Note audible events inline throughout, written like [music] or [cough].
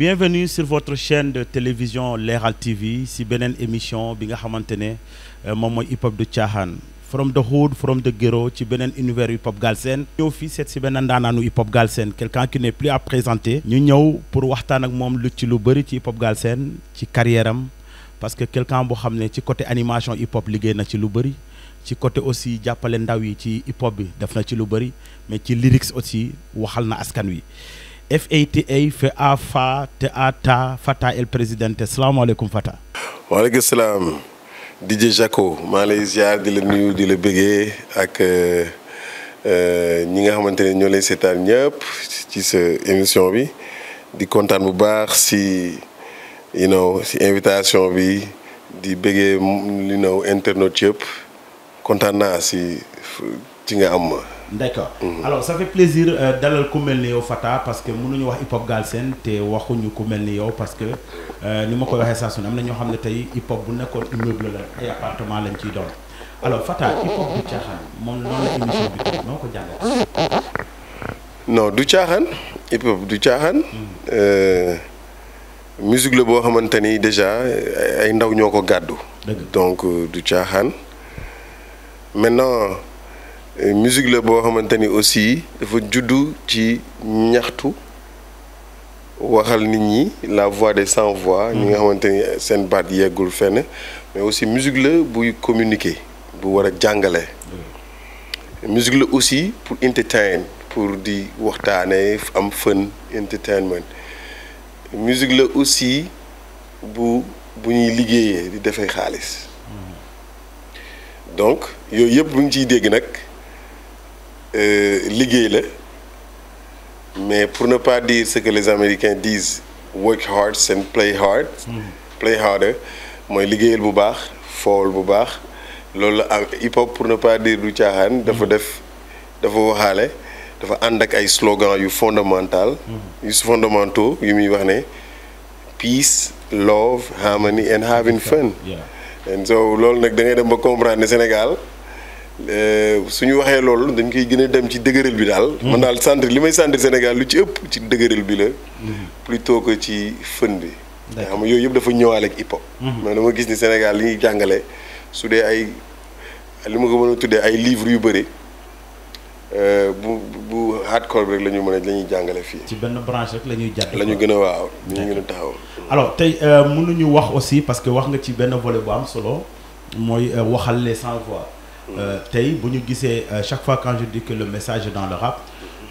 bienvenue sur votre chaîne de télévision Leral TV si beneen émission bi nga xamante ne euh, moom mooy hip hop du caaxaan from the hood from the ghetto ci beneen univers hip hop galsen ñëw fi seet si benn ndaanaanu hip hop seen quelqu'un qui n'est plus à présenter ñu ñëw pour waxtaan ak moom lu ci lu bëri ci hip hop galsen ci carrière parce que quelqu'un boo xam ne ci côté animation hip hop liggéey na ci lu bëri ci côté aussi jàppale ndaw yi ci hip bi def na ci lu bëri mais ci lyrics aussi waxal na askan wi FATA fe a te a ta fata el présidente salaamaaleykum fata waaleykum salaam di Jaco maa lay ziar di la nuyu di la bëggee ak euh, euh, ñi nga xamante ne ñoo lay seetaan ñëpp ci sa émission bi di kontaan bu baax si you si invitation bi di bëggee you know internaute yëpp kontaan naa si ci nga am ma d'accord mhm. alors ça fait plaisir euh, dalal ku mel ni yow Fata parce que ñu wax hip hop Galsen te waxuñu ku mel ni yow parce que euh, ni ma koy waxee saa su ne am na ñoo xam ne tey hip hop bu nekkoon immeuble la ay appartement lañ ciy doon alors Fata hip hop du caaxaan moom noonu la bi du caaxaan hip hop du caaxaan. Hmm. Euh, musique la boo xamante ni déjà ay ndaw ñoo ko gàddu. donc du caaxaan maintenant. Euh, musique la boo xamante ni aussi dafa juddu ci ñaxtu waxal nit ñi la voix de sans voix. ñi ngi mm-hmm. xamante ni seen baat yeggul fenn mais aussi musique la buy communiquer bu war a jàngale. Mm-hmm. musique la aussi pour entertain pour di waxtaanee am fun entertainment musique la aussi bu bu ñuy liggéeyee di defee xaalis mm-hmm. donc yooyu yëpp bu ñu ciy dégg nag. Euh, liggéey la mais pour ne pas diir ce que les Américains disent work hard and play hard. play harder mooy liggéeyal bu baax foowal bu baax loolu la ak hip hop pour na pas diir du caaxaan. dafa def dafa waxaale dafa ànd ak ay slogan yu fondamental yu yu muy wax ne peace love harmony and having fun. so loolu nag da dem ba comprendre ne Sénégal. Euh, su ñu waxee loolu dañ koy gën a dem ci dëgëral bi daal. Hmm. man daal centre li may centre Sénégal lu ci ëpp ci dëgëral bi la. Hmm. plutôt que ci fën bi. xam nga yooyu yëpp dafa ñëwaale ak hip hop. Hmm. mais dama gis ni Sénégal li ñuy jàngale su dee ay li ma ko mën a tuddee ay livres yu bëri euh, bu bu hardcore bi rek la ñu mën a la ñuy jàngale fii. ci benn branche rek la ñuy jàdd la ñu gën a waaw ñu gën a taxaw. alors tey euh, mënuñu wax aussi parce que wax nga ci benn vole bu am solo mooy waxal les sans Euh, tey bu ñu gisee euh, chaque fois quand je dis que le message dans le rap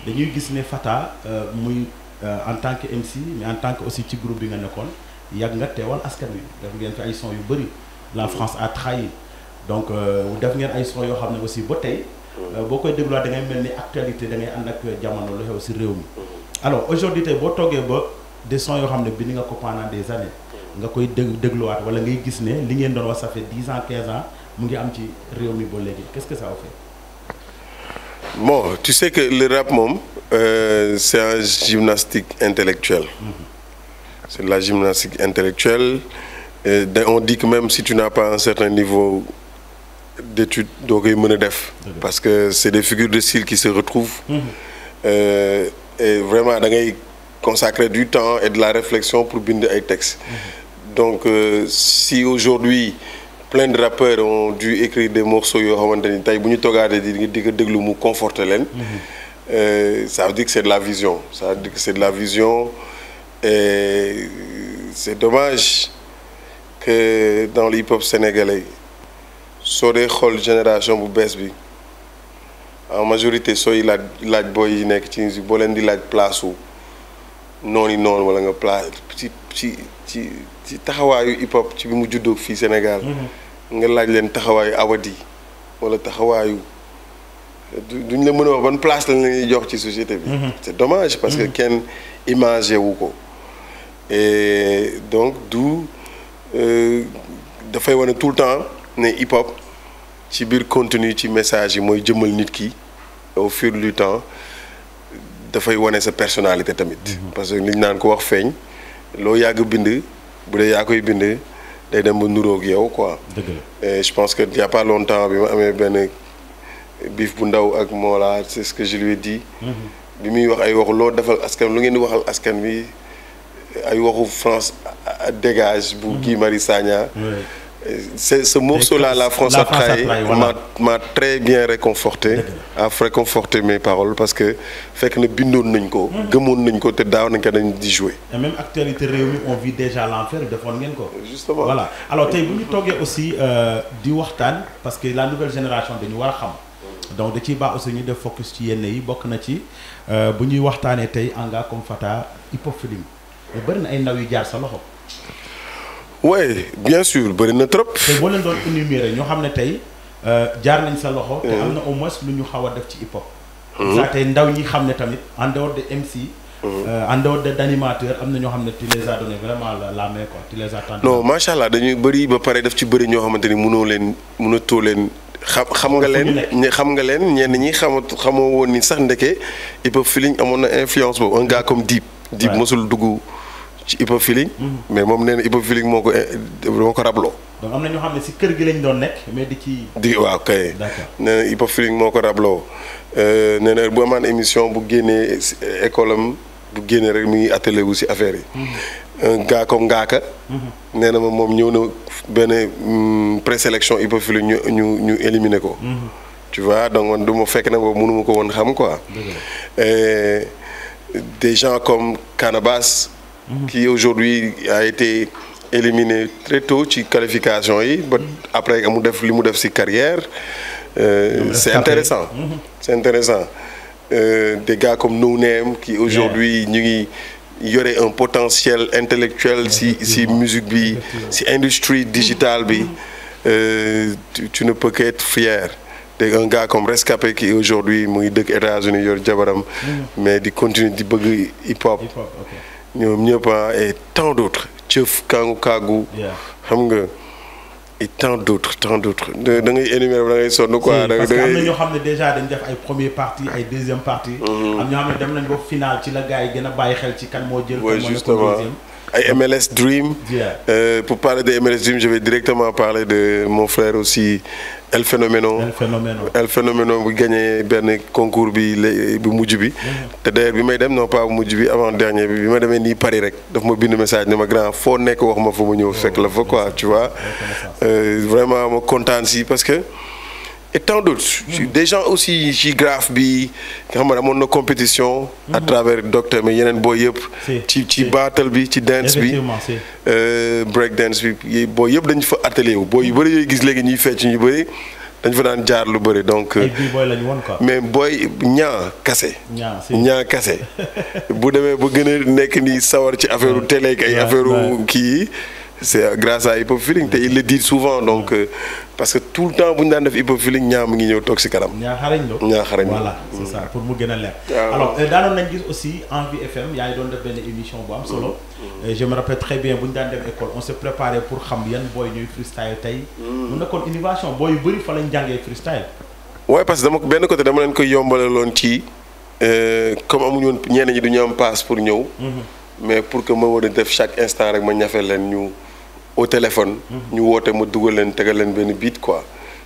dañuy gis ne Fata euh, muy en tant que MC mais en tant que aussi ci groupe bi nga nekkoon yàgg nga teewal askan wi def ngeen fi ay son yu bëri la France a trahi donc def ngeen ay son yoo xam ne aussi ba tey. boo koy dégluwaat da ngay mel ni actualité da ngay ànd ak jamono lu xew si réew mi. alors aujourd'hui tey boo toogee ba des sons yoo xam ne ni nga ko pendant des années. nga koy dég dégluwaat wala ngay gis ne li ngeen doon wax ça fait dix ans mu ngi le rap moom euh, c'est un gymnastique intellectuelle mm mm-hmm. c'est de la gymnastique intellectuelle et on dit que même si tu n'as pas un certain niveau d'études doo koy mën a def parce que c'est des figures de style qui se retrouvent mm vraiment da ngay consacrer du temps et de la réflexion pour bind ay textes mm-hmm. donc euh, si aujourd'hui plein de rappeurs ont dû écrire des morceaux yoo xamante ni tey bu ñu toogaatee di di ko déglu mu conforter leen. Euh, ça veut dire c'est de la vision ça veut dire que c'est de la vision et c'est dommage que dans le hip-hop sénégalais soo dee xool génération bu bees bi en majorité sooy laaj laaj booy yi nekk ci musique boo leen di laaj place su noonu noonu wala nga place ci ci ci. ci taxawaayu hip hop ci bi mu juddoo fii Sénégal. Mhm. nga laaj leen taxawaayu awadi wala taxawaayu duñ la mën a wax ban place la ñuy jox ci société bi. Mhm. c'est dommage parce que mhm. kenn imagé wu ko. et donc du euh, dafay wane tout le temps ne hip hop ci biir contenu ci message yi mooy jëmmal nit ki au fir du temps dafay wane sa personnalité tamit. parce que liñ naan ko wax feeñ loo yàgg bind. bu dee yaa koy bind day dem ba nuroog yow quoi. dëgg je pense que y' a pas longtemps bi ma amee benn biif bu ndaw ak Mollah c'est ce que je lui mm-hmm. bi muy wax ay waxu loo defal askan lu ngeen di waxal askan bi ay waxu France dégage bu mm-hmm. Guy Marius ce morceau-là, La France a trahi, m'a très bien réconforté, a réconforté mes paroles parce que fekk que nous bindoon nañ ko, hmm. gëmoon nañ ko té daaw nañ ko dañ di jouer. même actualité réew on vit déjà l'enfer defoon ngeen ko. Justement. Voilà. Alors tey bu ñu toggee aussi euh, di waxtaan parce que la nouvelle génération dañu war xam. donc da ciy baax aussi ñu def focus ci yenn yi bokk na ci euh, bu ñuy waxtaanee tey Anga comme Fata hip-hop film. Mais ay ndaw yu jaar sa loxo. oui bien sûr bëri na trop. tey boo leen doon énumérer ñoo xam ne tey euh, jaar nañ sa loxo. te am na au moins lu ñu xaw a def ci hip hop. saa hmm. tey ndaw ñi xam ne tamit en dehors de MC. Hmm. Euh, en dehors de d' am na ñoo xam ne tu les as vraiment la main quoi tu les as tendu. non macha allah dañuy bëri ba pare def ci bëri ñoo xamante ni mënoo leen mënatoo leen. xam xam nga leen xam nga leen ñenn ñi xamatu xamoo woon ni sax ndeke hip hop feeling amoon na influence boobu un gars comme d Dip mosul dugg. ci hypophiling. Mm-hmm. mais moom nee na hypophiling moo ko moo ko rabloo. moo ko rabloo euh, nee na bu amaan émission bu génnee euh, école am bu génnee rek mi ngi attelé wu si affaire yi. Mm-hmm. un comme Ngaaka. Mm-hmm. nee ma moom ñëw na benn mm, présélection hypophilie ñu ñu ñu ko. tu vois donc ma fekk na boobu mënu ko woon xam quoi. des gens comme Canabas. qui aujourd'hui a été éliminé très tôt ci qualification yi ba après mu def li mu def si carrière euh, c'est intéressant mhm. c'est intéressant euh, des gars comme No Name qui aujourd'hui ñu ngi yore un potentiel intellectuel ci ci musique bi ci industrie digitale bi mhm. euh, tu, tu ne peux qu'être fier dégg un gars comme Rescapé qui aujourd'hui mu ngi dëkk États-Unis yor jabaram mhm. mais di continuer di bëgg hip hop. ñoom ñëpp ah, et tant d'autres cëf kaagu kaagu. xam nga et tant d'autres tant d'autres da ngay énumérer da sonn quoi. dangay ngay xam ne déjà dañ def ay premier partie ay deuxième partie. Mm-hmm. am ñoo xam ne dem nañ ba final ci la gars yi gën a bàyyi xel ci kan moo jël. mooy justement kan moo deuxième. ay MLS Dream. Yeah. Euh, pour parler de MLS Dream je vais directement parler de mon frère aussi El Phénoméno. El Phénoméno El Phénoméno bu gagné benn concours bi bu mujj bi. Mm-hmm. te d'ailleurs bi may dem non pas bu mujj bi avant dernier bi bi ma demee nii Paris rek daf ma bind message ne ma grand foo nekk wax ma fa ma ñëw fekk la fa quoi tu euh, vraiment ma kontaan si parce que. et tant d'autres mm. des gens aussi ci bi nga xam ne amoon na compétition mm-hmm. à travers docteur mais yeneen boo yëpp ci ci battle bi ci dance bi euh, break dance bi boo yëpp dañ fa atelier wu boo yu bari yooyu gis léegi ñuy ci ñu bëri dañ fa daan jaar lu bëri donc euh, mais booy ñaa kase ñaa kase [laughs] bu demee ba gën a nekk nii sawar ci affaire u télé ak ay affaire u kii c'est grâce à hip te il le dit souvent donc euh, parce que tout le temps bu ñu daan def hip hop feeling ngi ñëw toog si kanam. ñaa xarañ lo ñaa mm. pour mu gën a leer. alors euh, daanoon nañ gis aussi Envie FM yaa ngi doon def benn émission bu am solo. Mm. Euh, je me rappelle très bien bu ñu daan dem école on s'est préparé pour xam yan booy ñuy freestyle tey. Mm. mu nekkoon innovation booy yu fa lañ jàngee freestyle. waaye parce dama benn côté dama leen koy pour ñëw. Mm-hmm. mais a def chaque instant leen ñu. au téléphone. ñu woote ma dugal leen tegal leen benn biit quoi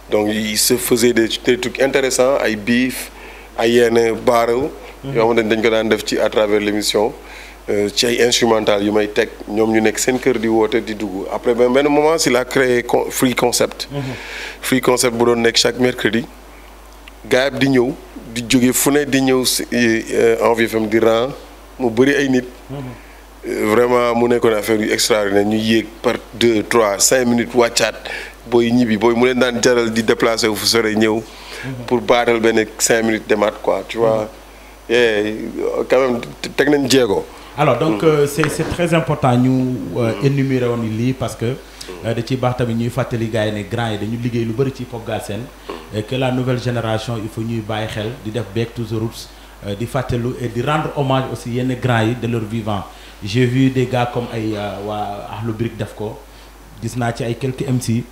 donc il se faisait des des trucs intéressants ay biif ay yenn baaraw. yoo xamante ni dañ ko daan def ci à travers émission euh, ci ay instrumental yu may teg ñoom ñu nekk seen kër di woote di dugg après benn benn moment si la créé free concept. free concept bu doon nekk chaque mercredi gaayab di ñëw di jóge fu ne di ñëw si euh, Envie di rang mu bëri ay nit. vraiment mu nekkoon affaire yu extraordinaire ñu yéeg par deux trois cinq minutes wàccaat booy ñibbi booy mu leen daan jaral di déplacer wu fu sore ñëw. pour baatal benn cinq minutes demaat quoi tu vois. et euh, quand même teg nañ jéego. alors donc euh, c'est c'est très important ñu euh, énumérer woon lii parce que. da ciy baax tamit ñuy fàttali gars yi ne grand yi dañu liggéey lu bëri ci pop Galsen. et que la nouvelle génération il faut ñuy bàyyi xel di def back to the roots di fàttalu et di rendre hommage yenn grands yi de leur vivant. j'ai vu des comme ay euh, waa Akhlou Brick def ko gis naa ci ay m MC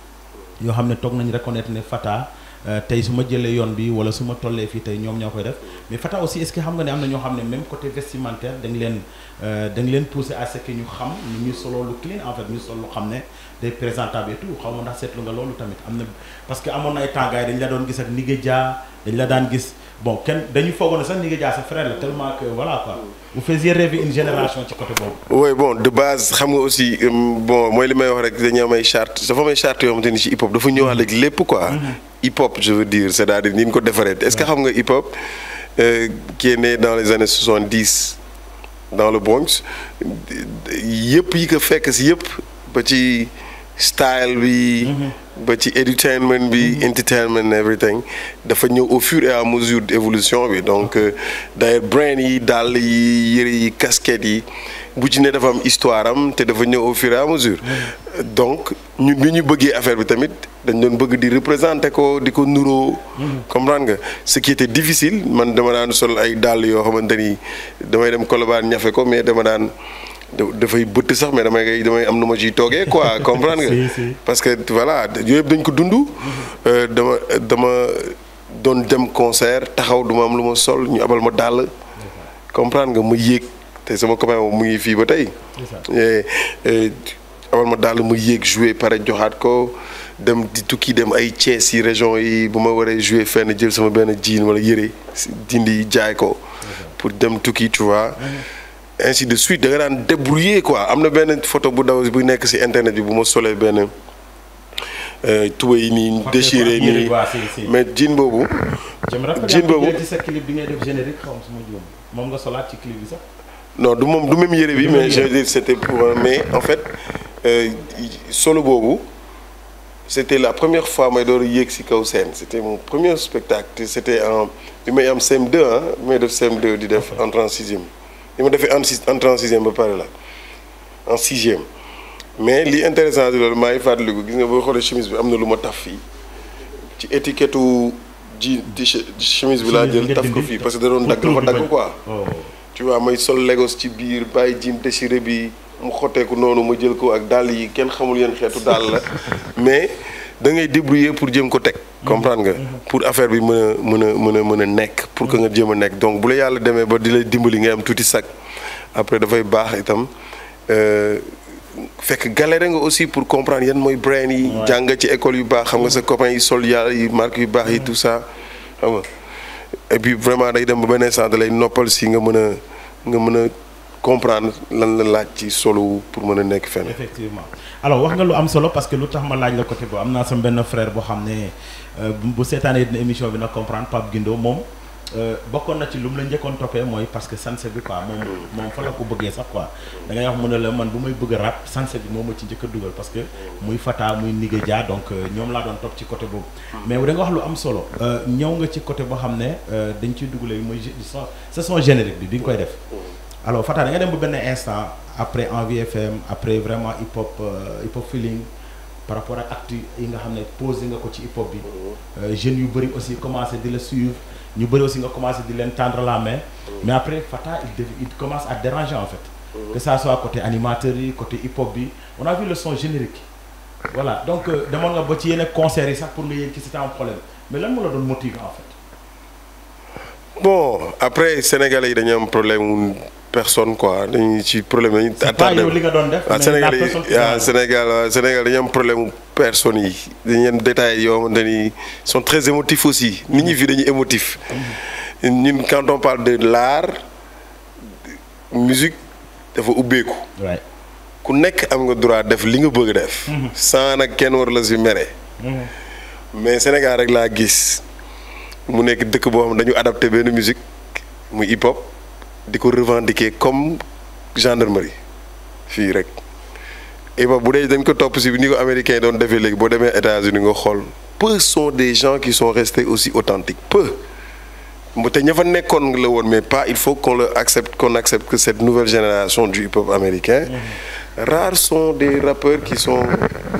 yoo xam ne toog nañ reconnaître ne Fata euh, tey su ma jëlee yoon bi wala su ma tollee fii tey ñoom ñoo koy def mais Fata aussi est-ce que xam nga ne am na ñoo xam ne même côté vestimentaire da leen euh, da nga leen à ce ñu xam ñu ñuy solo lu clean en fait ñu solo lu xam ne day présentable tout xaw ma ndax seetlu nga loolu tamit am na parce que amoon na ay tàngaay dañ la doon gis ak Nigéja dañ daan gis. bon kenn dañu foogoon ne sax ni nga jaa sa frère la tellement que voilà quoi vous faisiez rêver une génération ci côté boobu. oui bon de base xam nga aussi euh, bon mooy li may wax rek dañu am may charte dafa am ay charte yoo ni ci hip hop dafa ñëwaat ak lépp quoi. Mm-hmm. hip hop je veux dire c'est-à-dire ni ko defaree. est-ce que xam nga hip hop euh, qui est né dans les soixante dix dans le Bronx yëpp yi ko fekk si yëpp ba ci style bi. Mm-hmm. ba ci edutainment bi mhm. entertainment everything dafa ñëw au fur et à mesure d'évolution bi donc euh, d'ailleurs brain yi dàll yi yëre yi casquette yi bu ci ne dafa am histoire am te dafa ñëw au fur et à mesure mhm. donc ñu bi ñu bëggee affaire bi tamit dañ doon bëgg di représenter ko di ko nuroo mhm. comprendre nga ce qui difficile man dama daan sol ay dàll yoo xamante ni damay dem Colobane ñafe ko mais dama daan dafay bëtt sax mais damay damay am nu ma ciy toogee ko [laughs] comprendre nga. parce que voilà yooyu yëpp dañ ko dund. Euh, dama dama doon dem concert taxaw duma am lu ma sol ñu abal ma dàll. comprendre nga ma yéeg te sama copain mu ngi fii ba tey. abal ma dàll ma yéeg jouer pare joxaat ko dem di tukki dem ay Thiès yi région yi bu ma waree jouer fenn jël sama benn jiin wala yére dindi jaay ko. pour dem tukki tu ainsi de suite da nga daan débrouiller quoi am na benn photo bu daw bu nekk ci internet bi bu ma solee benn euh, tuba yi nii déchiré nii mais jean boobu. jean boobu sa bi ngay def générique xaw ma moom nga solaat du moom du même yére bi mais je veux dire c'était pour mais en fait euh, solo boobu c'était la première fois may door a yéeg ci kaw scène c'était mon premier spectacle c'était en bi may am CM2 ah bi may def cm di def entrant en sixième li ma defee en six entrée en sixième ba pare la en sixième mais li intéressant si loolu maa ngi fàttaliku gis nga boo xoolee chemise bi am na lu ma taf fii ci étiquette ji chemise bi laa jël taf ko fii parce que da doon dagg ma dagg quoi oh. tu waa may sol Lagos ci biir bàyyi jean déchiré bi mu xotteeku noonu ma jël ko ak dàll yi kenn xamul yenn xeetu dàll la [laughs] mais da ngay débrouiller pour jëm ko teg comprendre nga mhm. pour affaire bi mën a mën a mën a mën a nekk pour que nga jéem a nekk donc bu la yàlla demee ba di lay dimbali ngay am tuuti sag après dafay baax itam euh, fekk galéré nga aussi pour comprendre yan mooy brain yi jàng ci école yu baax xam nga sa mhm. copain yi sol yàlla yi marque yu baax yi mhm. tout saa xam nga vraiment day dem ba benn instant da lay noppal si nga mën a nga mën a comprendre lan la laaj ci solo pour mën a nekk fenn. effectivement alors wax nga lu am solo parce que lu tax ma laaj la côté boobu am naa sama benn frère boo xam ne euh, bu seetaanee dina émission bi na comprendre Pape moom euh, bokkoon na ci lu mooy parce que sanse bi quoi moom moom la ko bëggee sax quoi da wax mu ne la man bu may bëgg a rap sanse bi moom ma ci njëkk dugal parce que muy Fata muy Nigé Dia donc euh, ñoom laa doon topp ci côté boobu. mais da nga wax lu am solo. ñëw nga ci coté boo xam ne dañ ciy dugalee muy ce son bi bi nga koy def. alors Fata da nga dem ba benn instant après Envie FM après vraiment hip hop euh, hip hop feeling par rapport ak acte yi nga xam ne posé nga ko ci hip hop bi mhm. euh, jeunes yu bëri aussi commencé di la suivre ñu bëri aussi nga commencé di leen tendre la mai mhm. mais après Fata il il commence à déranger en fait mhm. que ça soit côté animateur yi côté hip hop bi on a vu le son générique voilà donc euh, demoon nga ba ci yenn concert yi sax pour nga yéen ci c'était un problème mais lan moo la doon motiver en fait bon après sénégalais personne quoi dañuy ci problème dañuy. attardé li nga doon def. Ah, mais Sénégal yi ah, Sénégal ah, dañu am problème personne yi dañu am détails yoo xamante ni sont très émotifs aussi nit ñi fii dañuy émotif ñun quand on parle de l'art musique dafa ubbeeku. ku nekk am nga droit def li nga bëgg def. Mhm. sans nag kenn war la si mere. Mhm. mais Sénégal rek laa gis mu nekk dëkk boo xam dañu adapté benn musique muy hip hop. di ko revendiquer comme gendarmerie fii rek Iba bu dee dañ ko topp si ni ko américains doon defe léegi boo demee États-Unis nga xool peu sont des gens qui sont restés aussi authentiques peu te ña fa nekkoon la woon mais pas il faut qu'on le accepte qu'on accepte que cette nouvelle génération du hip-hop américain mm-hmm. rares sont des rappeurs qui sont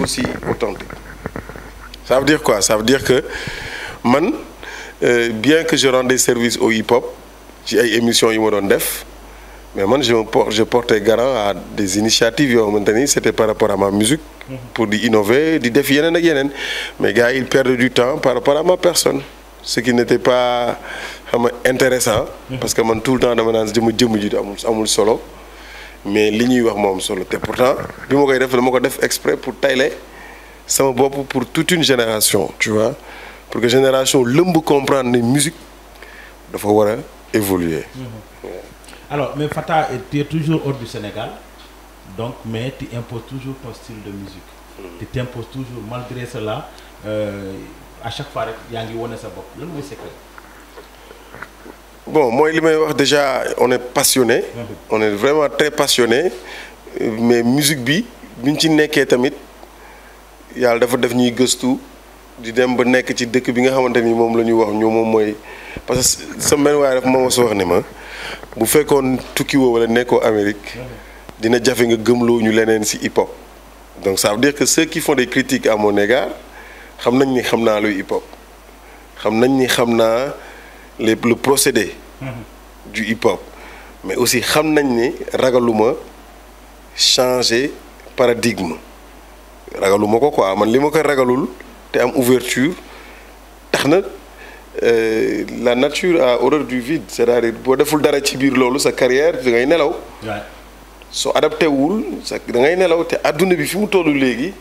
aussi authentiques ça veut dire quoi ça veut dire que man euh, bien que je des service au hip-hop ci ay émission yu ma doon def mais man je je portais garant à des initiatives yoo man ni c'était par rapport à ma musique. Mhm. pour di innover di def yeneen ak yeneen mais gars yi ils du temps par rapport à ma personne. ce qui n'était pas xam nga intéressant mhm. parce que man tout le temps dama naan jëma jëmm ji amul amul solo mais li ñuy wax moom solo te pourtant bi ma koy def moo ko def exprès pour tayle sama bopp pour tout une génération tu vois pour que génération lëmb comprendre ne musique dafa évoluer. Mmh. Alors, mais Fata, tu toujours hors du Sénégal, donc, mais tu imposes toujours ton style de musique. Mm-hmm. Tu t'imposes toujours, malgré cela, euh, à chaque fois, il y a un secret. Bon, moi, déjà, on est passionné, mmh. on est vraiment très passionné, mais musique, bi, ci nekkee tamit yàlla dafa def ñuy gëstu di dem ba nekk ci dëkk bi nga xamante ni moom la ñuy wax ñoo moom mooy parce que sama benn waaye dafa moom su wax ne ma bu fekkoon tukki woo wala nekkoo Amérique dina jafe nga gëm gëmloo ñu leneen ci hip hop donc ça veut dire que ceux qui font des critiques à mon xam nañ ni xam naa luy hip hop xam nañ ni xam naa les le procédé mm-hmm. du hip hop mais aussi xam nañ ni ragaluma changer paradigme ragaluma ko quoi man li ma ko ragalul te am ouverture tax na Euh, la nature a horreur du vide cest à boo deful dara ci biir loolu sa carrière da ngay nelaw soo adapté wul sa da ngay nelaw te adduna bi fi mu tollu léegi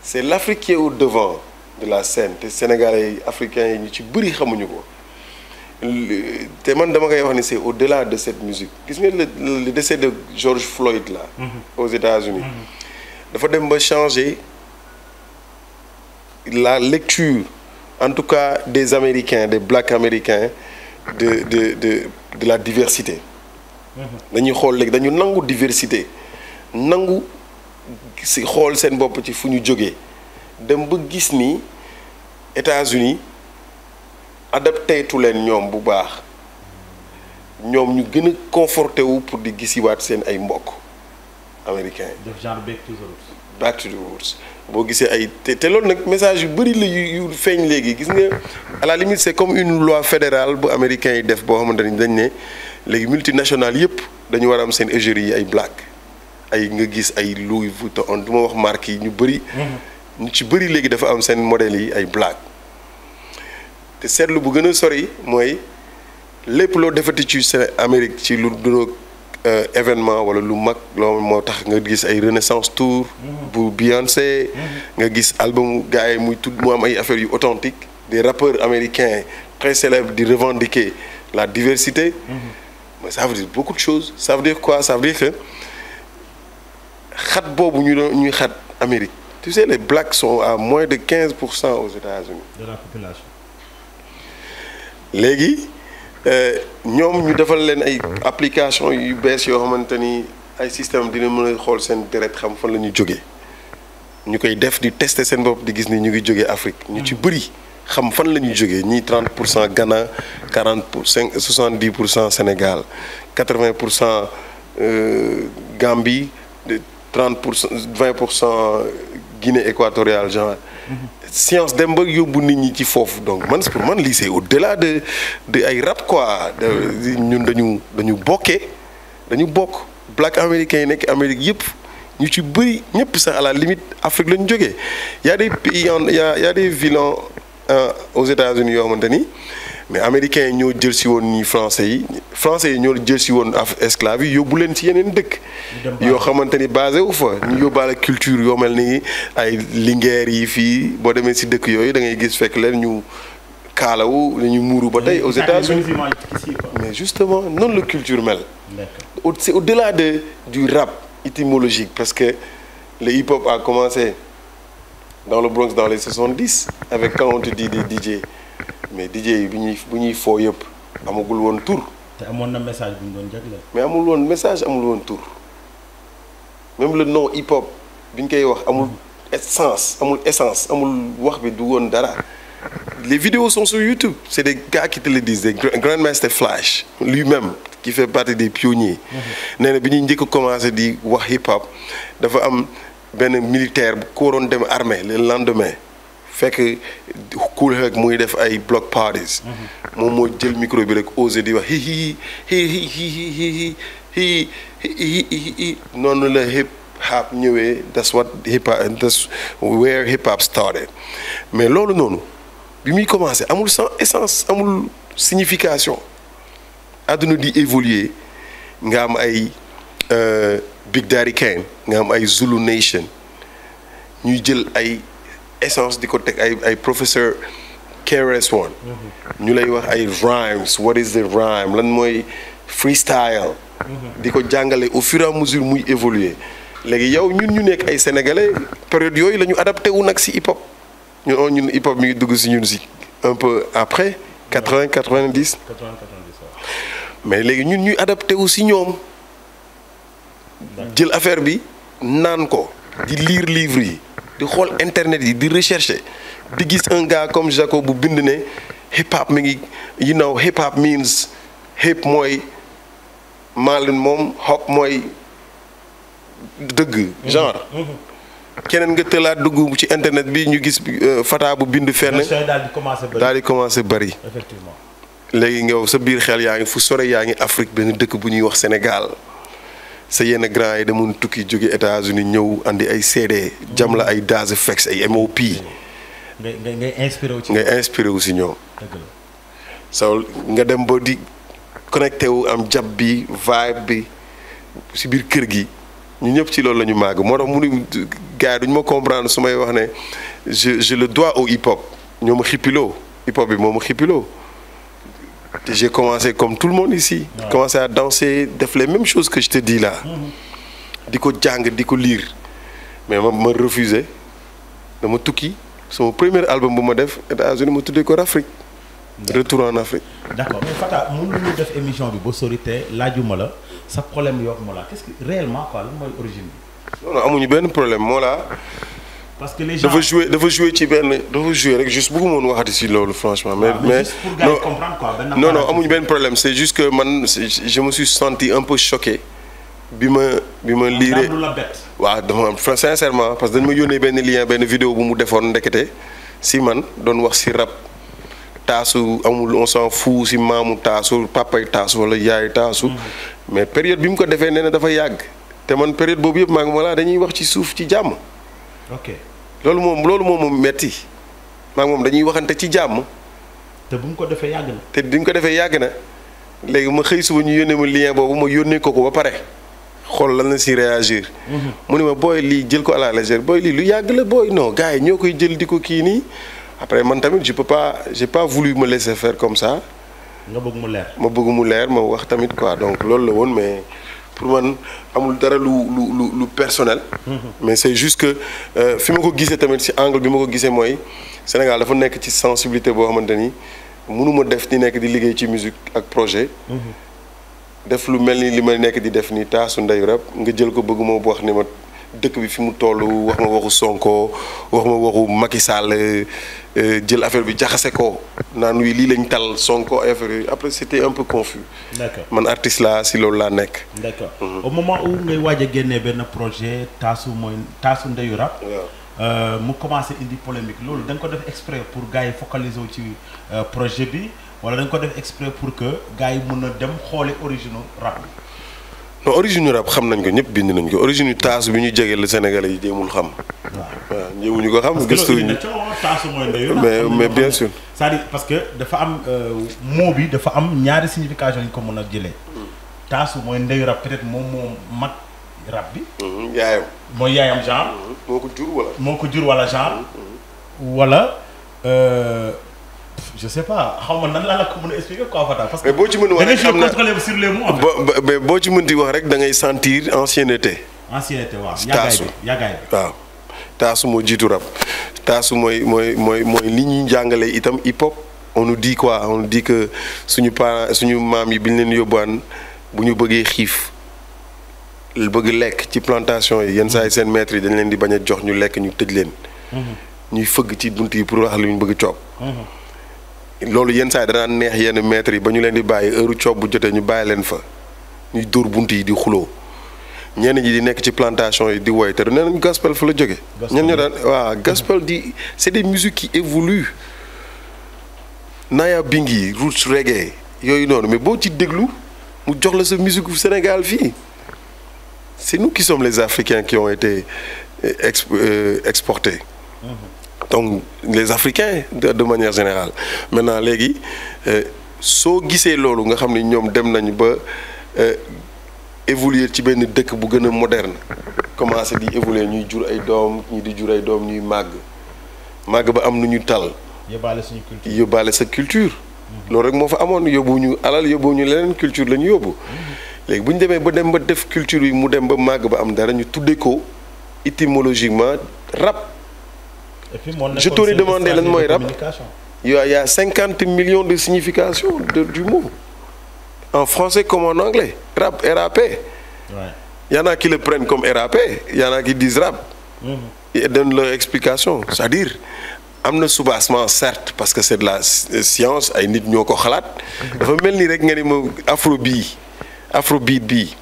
c'est l'Afrique qui est au devant la scène te sénégalais yi africains yi ñu ci bëri xamuñu ko te man dama koy wax ni c'est au-delà de cette musique gis nga le le de George Floyd là mm-hmm. aux États-Unis mm-hmm. dafa dem ba changer la lecture en tout cas des Américains des Black Américains de de de la diversité. dañuy xool léegi dañu nangu diversité nangu si xool seen bopp ci fu ñu jógee dem ba gis ni États-Unis adaptétu leen ñoom bu baax ñoom ñu gën a conforté wu pour di gisiwaat seen ay mbokk américains. def genre boo gisee ay te te loolu nag message yu bëri la yu feeñ léegi gis nga à la limite comme une loi fédérale bu américain yi def boo xamante ni dañ ne léegi multinationales yëpp dañu war am seen égérie yi ay black ay nga gis ay Louis Vuitton du ma wax marque yi ñu bëri. Mm-hmm. ñu ci bëri léegi dafa am seen modèles yi ay black te seetlu bu gën a sori mooy lépp loo defati ci Amérique ci lu dunoo Euh, événement wala lu mag loolu moo tax nga gis ay renaissance tour bu Beyoncé nga gis albumu gars yi muy tudd mu am ay affaires yu authentique des rappeurs américain très célèbres di revendiquer la diversité mm-hmm. mais ça veut dire beaucoup de choses ça veut dire quoi ça veut dire que xat boobu ñu doon ñuy xat Amérique tu sais les blacks sont à moins de quinze pour cent aux États-Unis léegi Euh, ñoom ñu defal leen ay application yu bees yoo xamante ni ay système dina mën a xool seen deret xam fan la ñu jógee ñu koy def di tester seen bopp di gis ni ñu ngi jógee Afrique ñu ci bëri xam fan la ñuy jógee ñii 30 pour cent gana 40 pour 5 70 pour cent Sénégal 80 pour cent euh, Gambie 30 pour cent pour cent Guinée équatoriale genre mm-hmm. science dem ba yóbbu nit ñi ci foofu donc man pour man lii c'est au-delà de de ay rab quoi ñun dañu dañu bokkee dañu bokk black américains yi nekk Amérique yëpp ñu ci bëri ñëpp sax à la limite Afrique la ñu jógee y a des pays y a y a euh, aux États-Unis yoo xamante mais américains yi ñoo jëlsi woon ñi français yi français yi ñoo jël si woon af esclaves yi yóbbu leen si yeneen dëkk yoo xamante ni basé wu fa ñu yóbbaale culture yoo mel ni ay lingeer yi fii boo demee si dëkk yooyu da ngay gis fekk leen ñu kaalawu dañuy muuru ba tey aux États-Unis mais justement noonu la culture mel c'est au-delà de du rap étymologique parce que le hip-hop a commencé dans le Bronx dans les 70 avec quand on te dit DJ mais DJ bi ñuy bu ñuy foo yëpp amagul woon tur. te amoon na message bu ñu doon jagleel. mais amul woon message amul woon tur même le nom hip hop bi ñu koy wax amul essence amul essence amul wax bi du woon dara. les vidéos sont sur YouTube c'est des gars qui te le Grandmaster Flash lui-même qui fait partie des pionniers mm-hmm. nee bi ñuy njëkk a commencé di wax hip hop dafa am benn militaire ku waroon dem armée le lendemain fekk Cool muy def ay block parties. moom moo jël micro bi rek osé di wax hi hi hi hi hi hi noonu la hip hop ñëwee that's what hip hop mais loolu noonu bi muy commencé amul sans essence amul signification àdduna di évoluer nga am ay Big Daddy Kane nga am ay Zulu Nation ñuy jël ay. essence di ko teg ay ay professeur KRS One mhm. ñu lay wax ay rhymes what is the rhyme lan mooy freestyle mhm. di ko jàngale au fur et à mesure muy évoluer léegi yow ñun ñu nekk ay sénégalais période yooyu la ñu adapté wu nag si hip hop ñun oh, ñun hip hop mi dugg si ñun si un peu après 80 mais léegi ñun ñuy adapté wu si ñoom jël affaire bi naan ko di lire livre yi di xool internet yi di rechercher di gis un gars comme Jaco bu bind ne hip hop mi ngi yi naw hip hop means hip mooy maalin moom hop mooy dëgg genre. keneen nga tëlaat dugg ci internet bi ñu gis euh, fataa bu bind fenn. daal di commencé bëri daal di commencé bëri. effectivement léegi nga sa biir xel yaa ngi fu sore yaa ngi Afrique benn dëkk bu ñuy wax Sénégal. sa yenn grand yi demoon tukki jóge États-Unis ñëw andi ay CD jam la ay Daz Effects ay MOP. ngay ngay ngay inspiré wu ci ngay inspiré wu si ñoom. so nga dem ba di connecté wu am jab bi vibe bi si biir kër gi ñu ñëpp ci loolu la ñu màgg moo tax mu gars yi duñu ma comprendre su may wax ne je le dois au hip hop ñoo ma xippiloo hip hop bi moo ma xippiloo J'ai commencé comme tout le monde ici. J'ai commencé à danser, faire les mêmes choses que je te mm-hmm. di ko Diko djang, diko lire. Mais je me refusais. Je me touki. Son premier album que j'ai fait, États-Unis, je me Afrique. Retour en Afrique. D'accord. Mais Fata, nous avons fait émission de Bossorité, là, du Mola. Ça problème, Qu'est-ce que réellement, quoi, l'origine Non, non, il problème. Moi, là, parce que les dafa joué dafa joué ci benn dafa joué rek juste bëgguma woon waxati si loolu franchement. mais ah, mais non non non amuñu benn problème c' est juste que man je me suis senti un peu choqué bi ma bi ma liiree. waaw dama am sincèrement parce que dañ ma yónnee benn lien benn vidéo bu mu defoon ndekete si man doon wax si rab. taasu amul on s'en fout si maamu taasu papay taasu wala yaay taasu. Mm-hmm. mais période bi mu ko defee nee na dafa yàgg. te man période boobu yëpp maa ngi ma laa dañuy wax ci suuf ci jàmm. loolu moom loolu moom moom metti maa moom dañuy waxante ci jàmm. te bu mu ko defee yàgg na. te di ko defee yàgg na léegi ma xëy suba ñu yónnee ma lien boobu ma yónnee ko ko ba pare xool lan na si réagir. Mhm. mu ne ma booy lii jël ko à la légère booy lii lu yàgg la booy non gars yi ñoo koy jël di ko kii nii après man tamit ju peux pas j'ai pas voulu me laisser comme ça. nga bëgg mu leer ma bëgg mu leer ma wax tamit quoi donc loolu la woon mais. pour man amul dara lu lu lu lu personnel. Mhm. mais c'est juste que euh, fi ma ko gisee tamit ci angle bi ma ko gisee mooy Sénégal dafa nekk ci sensibilité boo xamante ni mënuma def di nekk di liggéey ci musique ak projet. Mhm. def lu mel ni li ma nekk di def nii taasu ndeyu rab nga jël ko bëgg moo bu wax ni ma. dëkk bi fi mu toll wax ma waxu Sonko wax ma waxu Macky Sall euh, jël affaire bi jaxase ko naan wi lii lañ tal Sonko affaire yooyu après c'était un peu confus. man artiste laa si loolu laa nekk. d'accord mhm. au moment où ngay waaj a génnee benn projet taasu mooy taasu ndeyu rap. Euh, mu commencé indi polémique loolu da ko def exprès pour gars yi focaliser wu ci euh, projet bi wala da ko def exprès pour que gars yi mun a dem xooli original rap bi. non origine xam nañ ko ñëpp bind nañ ko origine yu taas bi ñu jege la Sénégalais yi jéemul xam. waaw jéemuñu ko xam. gëstuñu mais mais bien sûr. c'est-à-dire parce que dafa am euh, mot bi dafa am ñaari signification ko mën a jëlee. Mm. taasu mooy ndeyu rap peut-être moom moo mag rap bi. Mm-hmm, yaayam mooy yaayam genre. Mm-hmm. moo ko jur wala. moo ko genre. Mm-hmm. wala. Euh, je sais pas xaw ma nan laa la ko a expliquer quoi Fata boo ci mën wax rek xam na rek da ngay sentir ancienneté. ancienneté waaw yàggaay bi yàggaay bi waaw. taasu moo jiitu rap taasu mooy mooy mooy mooy li ñuy jàngale itam hip hop on nous dit quoi on suñu parents suñu maam yi bi ñu leen yóbbuwaan bu ñu bëggee xiif bëgg lekk ci plantation yi yenn saa yi seen maîtres yi dañ leen di bañ a jox ñu lekk ñu tëj leen. Mhm. ñuy fëgg ci bunt yi pour wax lu ñu bëgg coob. Mhm. loolu yenn saa yi danaa neex yenn maîtres yi ba ñu leen di bàyyi heure coob bu jotee ñu bàyyi leen fa ñuy dóor bunt yi di xuloo ñenn ñi di nekk ci plantation yi di woy te du nee nañ gospel fa la jóge ñen ñoo daan waaw gospel di c'est des musiques qui évoluent Naya bi ngi Bingi su reggae yooyu noonu mais boo ci déglu mu jox la sa musique bu Sénégal fii c'est nous qui les Africains ki ont été euh, exp euh, donc les Africains de, de manière générale maintenant léegi euh, soo gisee loolu nga xam ni ñoom dem nañu ba euh, évoluer ci benn dëkk bu gën a moderne commencé di évoluer ñuy jur ay doom ñi di jur ay doom ñuy màgg màgg ba am nu ñu tal. yóbbaale suñu yóbbaale sa culture. Mm-hmm. loolu rek moo fa amoon yóbbu ñu alal yóbbu ñu leneen culture la ñu yóbbu. Mm-hmm. léegi bu ñu demee ba dem ba def culture yi mu dem ba màgg ba am dara ñu tuddee ko étymologiquement rap. je t'aurais demandé lan mooy rap y a y a cinquante millions de significations de du mot en français comme en anglais rap RAP. y en a qui le comme RAP y en a qui disent rap. Mm-hmm. leur explication cest dire am na soubassement certes parce que c'est de la science ay nit ñoo ko xalaat. [laughs] dafa mel ni rek nga ni ma afrobeat afrobeat bii.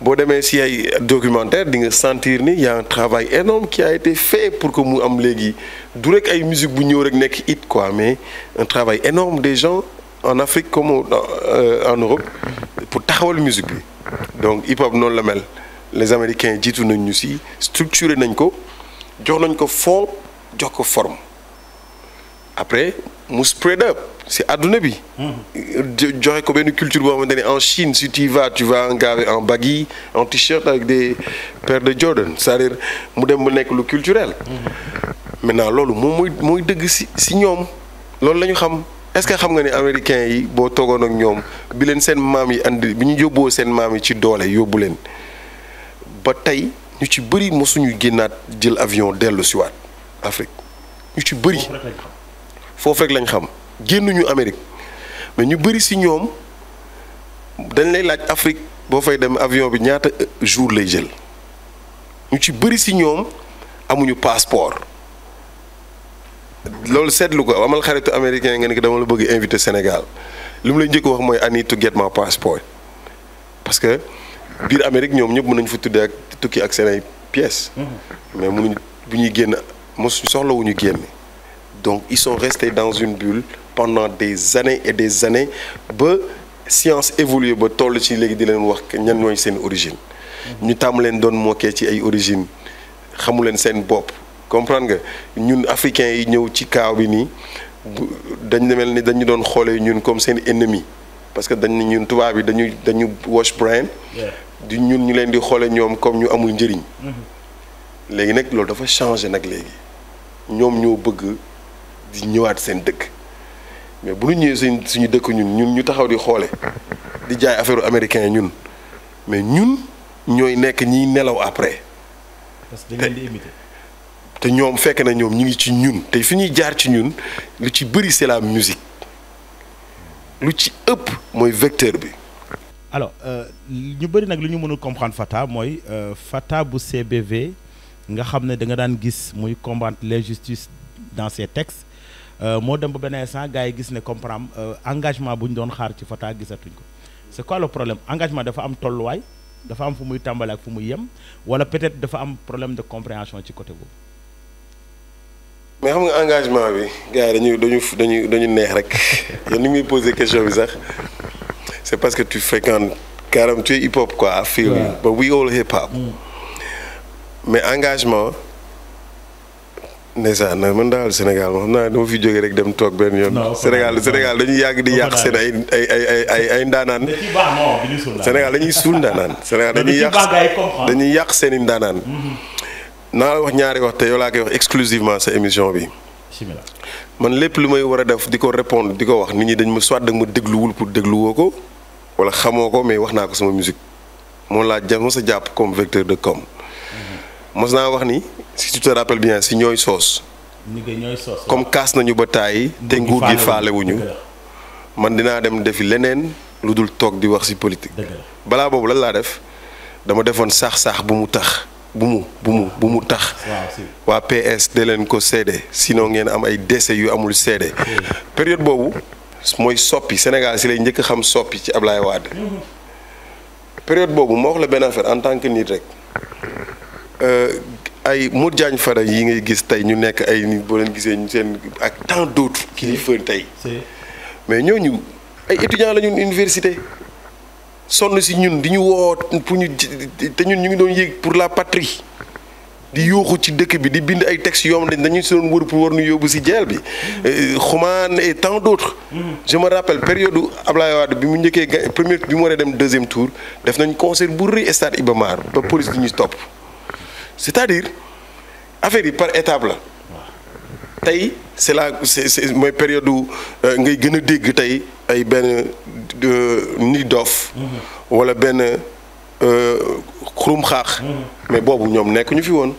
boo demee si ay documentaire di nga sentir ni y a un travail énorme qui a été fait pour que mu am léegi du rek ay musique bu ñëw rek nekk it quoi mais un travail énorme des gens en Afrique comme euh, en Europe pour taxawal musique bi donc hip hop noonu la mel les Américains jiitu nañ ñu si structuré nañ ko jox nañ ko fond jox ko forme après mu spread up si àdduna bi. joxe ko benn culture boo xamante ni en Chine si tu vas tu en gavé en baggy en t-shirt avec des paires de Jordan cest à mu dem mu nekk lu culturel. maintenant loolu moom mooy mooy dëgg si si ñoom loolu la ñu xam. est-ce que xam nga ni américains yi boo toogoon ak ñoom bi leen seen maam yi indi bi ñu yóbboo seen maam yi ci doole yóbbu leen ba tey ñu ci bëri mosuñu génnaat jël avion dellu siwaat Afrique ñu ci bëri. foofu rek lañ xam génnuñu Amérique mais ñu bëri si ñoom dañ lay laaj Afrique boo fay dem avion bi ñaata jour lay jël ñu ci bëri si ñoom amuñu passeport loolu seetlu ko amal xaritu américain nga ni ko dama la bëgg invité Sénégal lu mu lay njëkk wax mooy I need to get my passport parce que biir ñoom ñëpp mën nañu fa tuddee ak tukki ak seen ay pièces mm-hmm. mais mënuñu bu ñuy génn mosu soxlawuñu génn. donc ils sont restés dans une bulle pendant des années et des années ba science évolué ba toll ci léegi di leen wax ñan ñooy seen origine ñu tàmm leen doon moquer ci ay origine xamu leen seen bopp comprendre nga ñun africains yi ñëw ci kaaw bi nii dañ mel ni dañu doon xoolee ñun comme seen ennemi parce que dañ ñun tubaab yi dañu dañu wash brain di ñun ñu leen di xoolee ñoom comme ñu amul njëriñ mm-hmm. léegi nag loolu dafa changé nag léegi ñoom ñoo bëgg di ñëwaat seen dëkk mais bu ñu ñëwee suñ suñu dëkk ñun ñu taxaw di xoole di jaay affaire américain ñun mais ñun ñooy nekk ñiy nelaw après. parce que dañ leen te ñoom fekk na ñoom ñu ngi ci ñun te fi ñuy jaar ci ñun lu ci bëri c'est la musique lu ci ëpp mooy vecteur bi. alors euh, ñu bëri nag lu ñu mënul comprendre Fata mooy euh, Fata bu CBV nga xam ne da nga daan gis muy combattre l'injustice dans ses textes. Euh, moo dem ba beneen instant gars yi gis ne comprendre euh, engagement bu ñu doon xaar ci Fata gisatuñ ko c'est quoi problème engagement dafa am tolluwaay dafa am fu muy tàmbale ak fu muy yem wala peut-être dafa am problème de compréhension ci côté boobu. mais engagement bi gars dañu dañu dañu dañu rek [laughs] yéen ni muy poser question bi parce que tu fréquentes carrément tu es I feel you, but we all hip hop. Mm. mais engagement. ndeysaan man daal Sénégal moom xam naa dama fi jógee rek dem toog benn yoon. Sénégal Sénégal dañuy yàgg di yàq seen ay ay ay ay ay ndaanaan. Sénégal dañuy suul ndaanaan. [laughs] Sénégal dañuy yàq dañuy yàq seen i ndaanaan. Mm-hmm. naa wax ñaari wax te yow laa koy wax exclusivement sa émission bi. man lépp lu may war a def di ko répondre di ko wax nit ñi dañ ma soit da ma dégluwul pour dégluwoo ko wala xamoo ko mais wax naa ko sama musique moom laa ja mos a jàpp comme vecteur de com. Mm-hmm. mos naa wax ni. si tu bien si ñooy soos. comme kaas nañu ba tàyyi te nguur gi faalewuñu man dinaa dem defi leneen lu dul toog di wax si politique. balaa boobu lan laa def dama defoon saax-saax bu mu tax bu mu bu mu bu tax. waa PS de leen ko si sinon ngeen am ay décès yu amul seede. [laughs] période boobu mooy soppi Sénégal si lay njëkk xam soppi ci Ablaye Wade. Mm-hmm. période boobu moo wax la benn affaire en tant que nit rek. Euh, ay Modou Diagne Fada yi ngay gis tey ñu nekk ay nit gisee leen gisee seen ak tant d'autres kilifa tey mais ñooñu ay étudiants la ñun université sonn si ñun di ñu woo pour ñu te ñun ñu ngi doon yéeg pour la patrie di yuuxu ci dëkk bi di bind ay textes yoo xam ne dañu si doon wër pour war ñu yóbbu si jeel bi xumaan eh, et tant d'autres. je me rappelle période Ablaye Wade bi mu njëkkee premier bi mu waree dem deuxième tour def nañ concert bu rëy stade Iba Mar ba police di ñu topp. c'est-à-dire affaire yi par étape la tey c'est la c'est mooy période euh, ngay gën a dégg tey ay benn euh, ni doof mm-hmm. wala benn euh, xurum xaax mm-hmm. mais boobu ñoom nekk ñu fi woon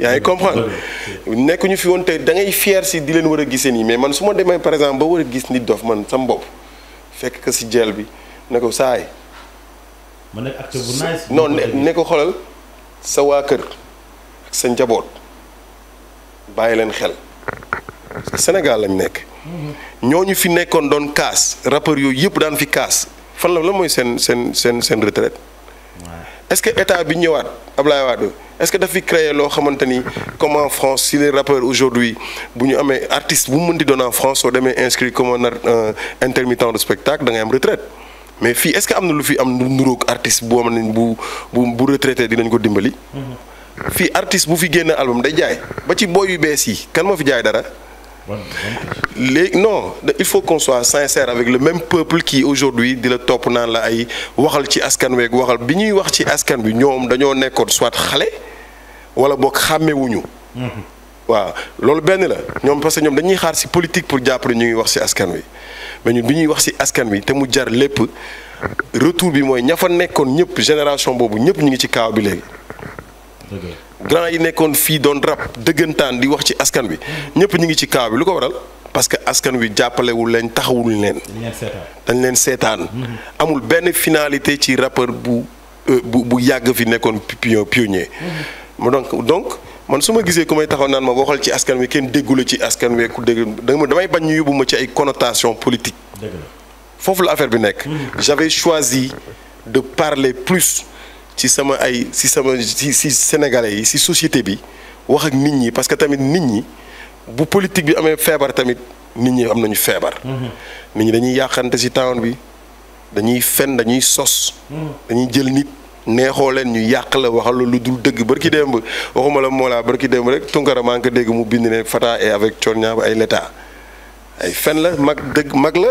yaa ngi comprendre nekk ñu fi woon te da ngay fier si di leen war a gisee nii mais man su ma demee par gis nit dof man sam bopp fekk ko si jeel bi ne ko saay non ne ko xoolal sa waa kër sa njaboot bàyyi leen xel parce que Sénégal lañ nekk ñooñu fi nekkoon doon kaas rappeurs yooyu yëpp daan fi kaas fan la la mooy seen seen seen seen retraite est-ce que état bi ñëwaat ab Wade est-ce que daf fi créer loo xamante ni comme en France si les rappeurs aujourd'hui bu ñu amee artiste bu mu mën di doon en France soo demee inscrit comme un euh, intermittent de spectacle da ngay am retraite mais fii est-ce que am na lu fi am nuróog artiste boo xam ne bu bu bu retraité dinañ ko dimbali. Mm-hmm. fii artiste bu fi génn album day jaay ba ci booy yu bees yi kan moo fi jaay dara. léegi non il faut qu'on soit sincère avec le même peuple qui aujourd'hui di la topp naan la ay waxal ci askan weeg waxal bi ñuy wax ci askan wi ñoom dañoo nekkoon soit xale wala boog xàmmeewuñu mm-hmm. waaw loolu benn la ñoom parce que ñoom dañuy xaar si politique pour jàppale ñu ngi wax si askan wi mais ñun bi ñuy wax si askan wi te mu jar lépp retour bi mooy ña fa nekkoon ñëpp génération boobu ñëpp ñu ngi ci kaaw bi léegi grand yi nekkoon fii doon rap dëggantaan di wax ci askan wi ñëpp ñu ngi ci kaaw bi lu ko waral parce que askan wi jàppalewul leen taxawul leen dañ leen seetaan mhm. amul benn finalité ci rappeur bu euh, bu yàgg fi nekkoon pionnier mhm. ma donc donc man su ma gisee ku may taxaw naan ma waxal ci askan wi kenn déggula ci askan wee ku dégg dama damay bañ ñu yóbbu ma ci ay connotation politique foofu la affaire bi nekk mhm. j'avais choisi de parler plus ci sama ay si sama si si sénégalais yi si société bi wax ak nit ñi parce que tamit nit ñi bu politique bi amee feebar tamit nit ñi am nañu feebar. Mm-hmm. nit ñi dañuy yàqante si town bi dañuy fen dañuy sos. Mm-hmm. dañuy jël nit neexoo leen ñu yàq la waxal lu dul dëgg barki démb waxuma la Mollah barki demb rek Tunkara maa ngi ko dégg mu bind ne Fata et avec Thione Niang ay l'état ay fen la mag dëgg mag la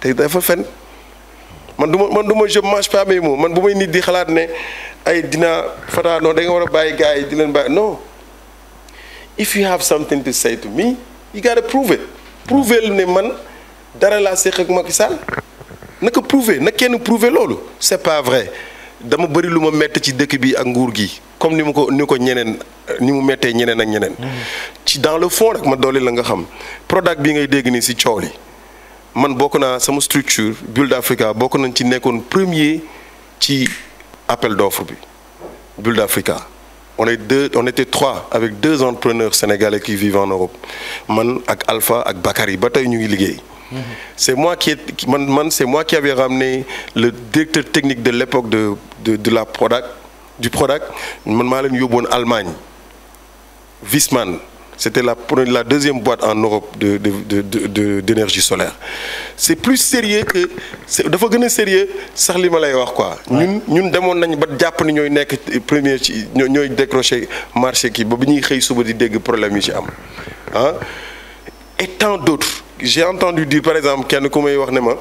te dafa fen. man du ma man du ma je mange pas mes mots man bu may nit di xalaat ne ay dina Fata non da war a bàyyi gars yi di leen bàyyi non if you have something to say to me you gotta prove it lu ne man dara la séq ak Macky Sall na ko na kenn prouver loolu c'est pas vrai dama bëri lu ma mett ci dëkk bi ak nguur gi comme ni mu ko ni ko ñeneen ni mu mettee ñeneen ak ñeneen. Mm-hmm. ci dans le fond ak ma dolli la nga xam Prodac bi ngay dégg nii si coow li man bokk naa sama structure Build Africa bokk nañ ci nekkoon premier ci appel d'offre bi Build Africa on est deux on était trois avec deux entrepreneurs sénégalais qui vivent en Europe man ak Alpha ak Bakary ba tey ñu ngi liggéey. c'est moi qui est man man c'est moi qui avait ramené le directeur technique de l'époque de de de la Prodac du Prodac man maa leen yóbboon Allemagne Wismar. C'était la, la deuxième boîte en Europe d'énergie de, de, solaire. C'est plus sérieux que. dafa gën a sérieux sax li ma lay wax quoi. ñun ñun demoon nañ ba jàpp ni ñooy nekk premier ci ñooy décroché marché kii ba bi ñuy xëy suba di dégg problème yi ci am ah. et tant d'autres j'ai entendu dire par exemple kenn ku may wax ne ma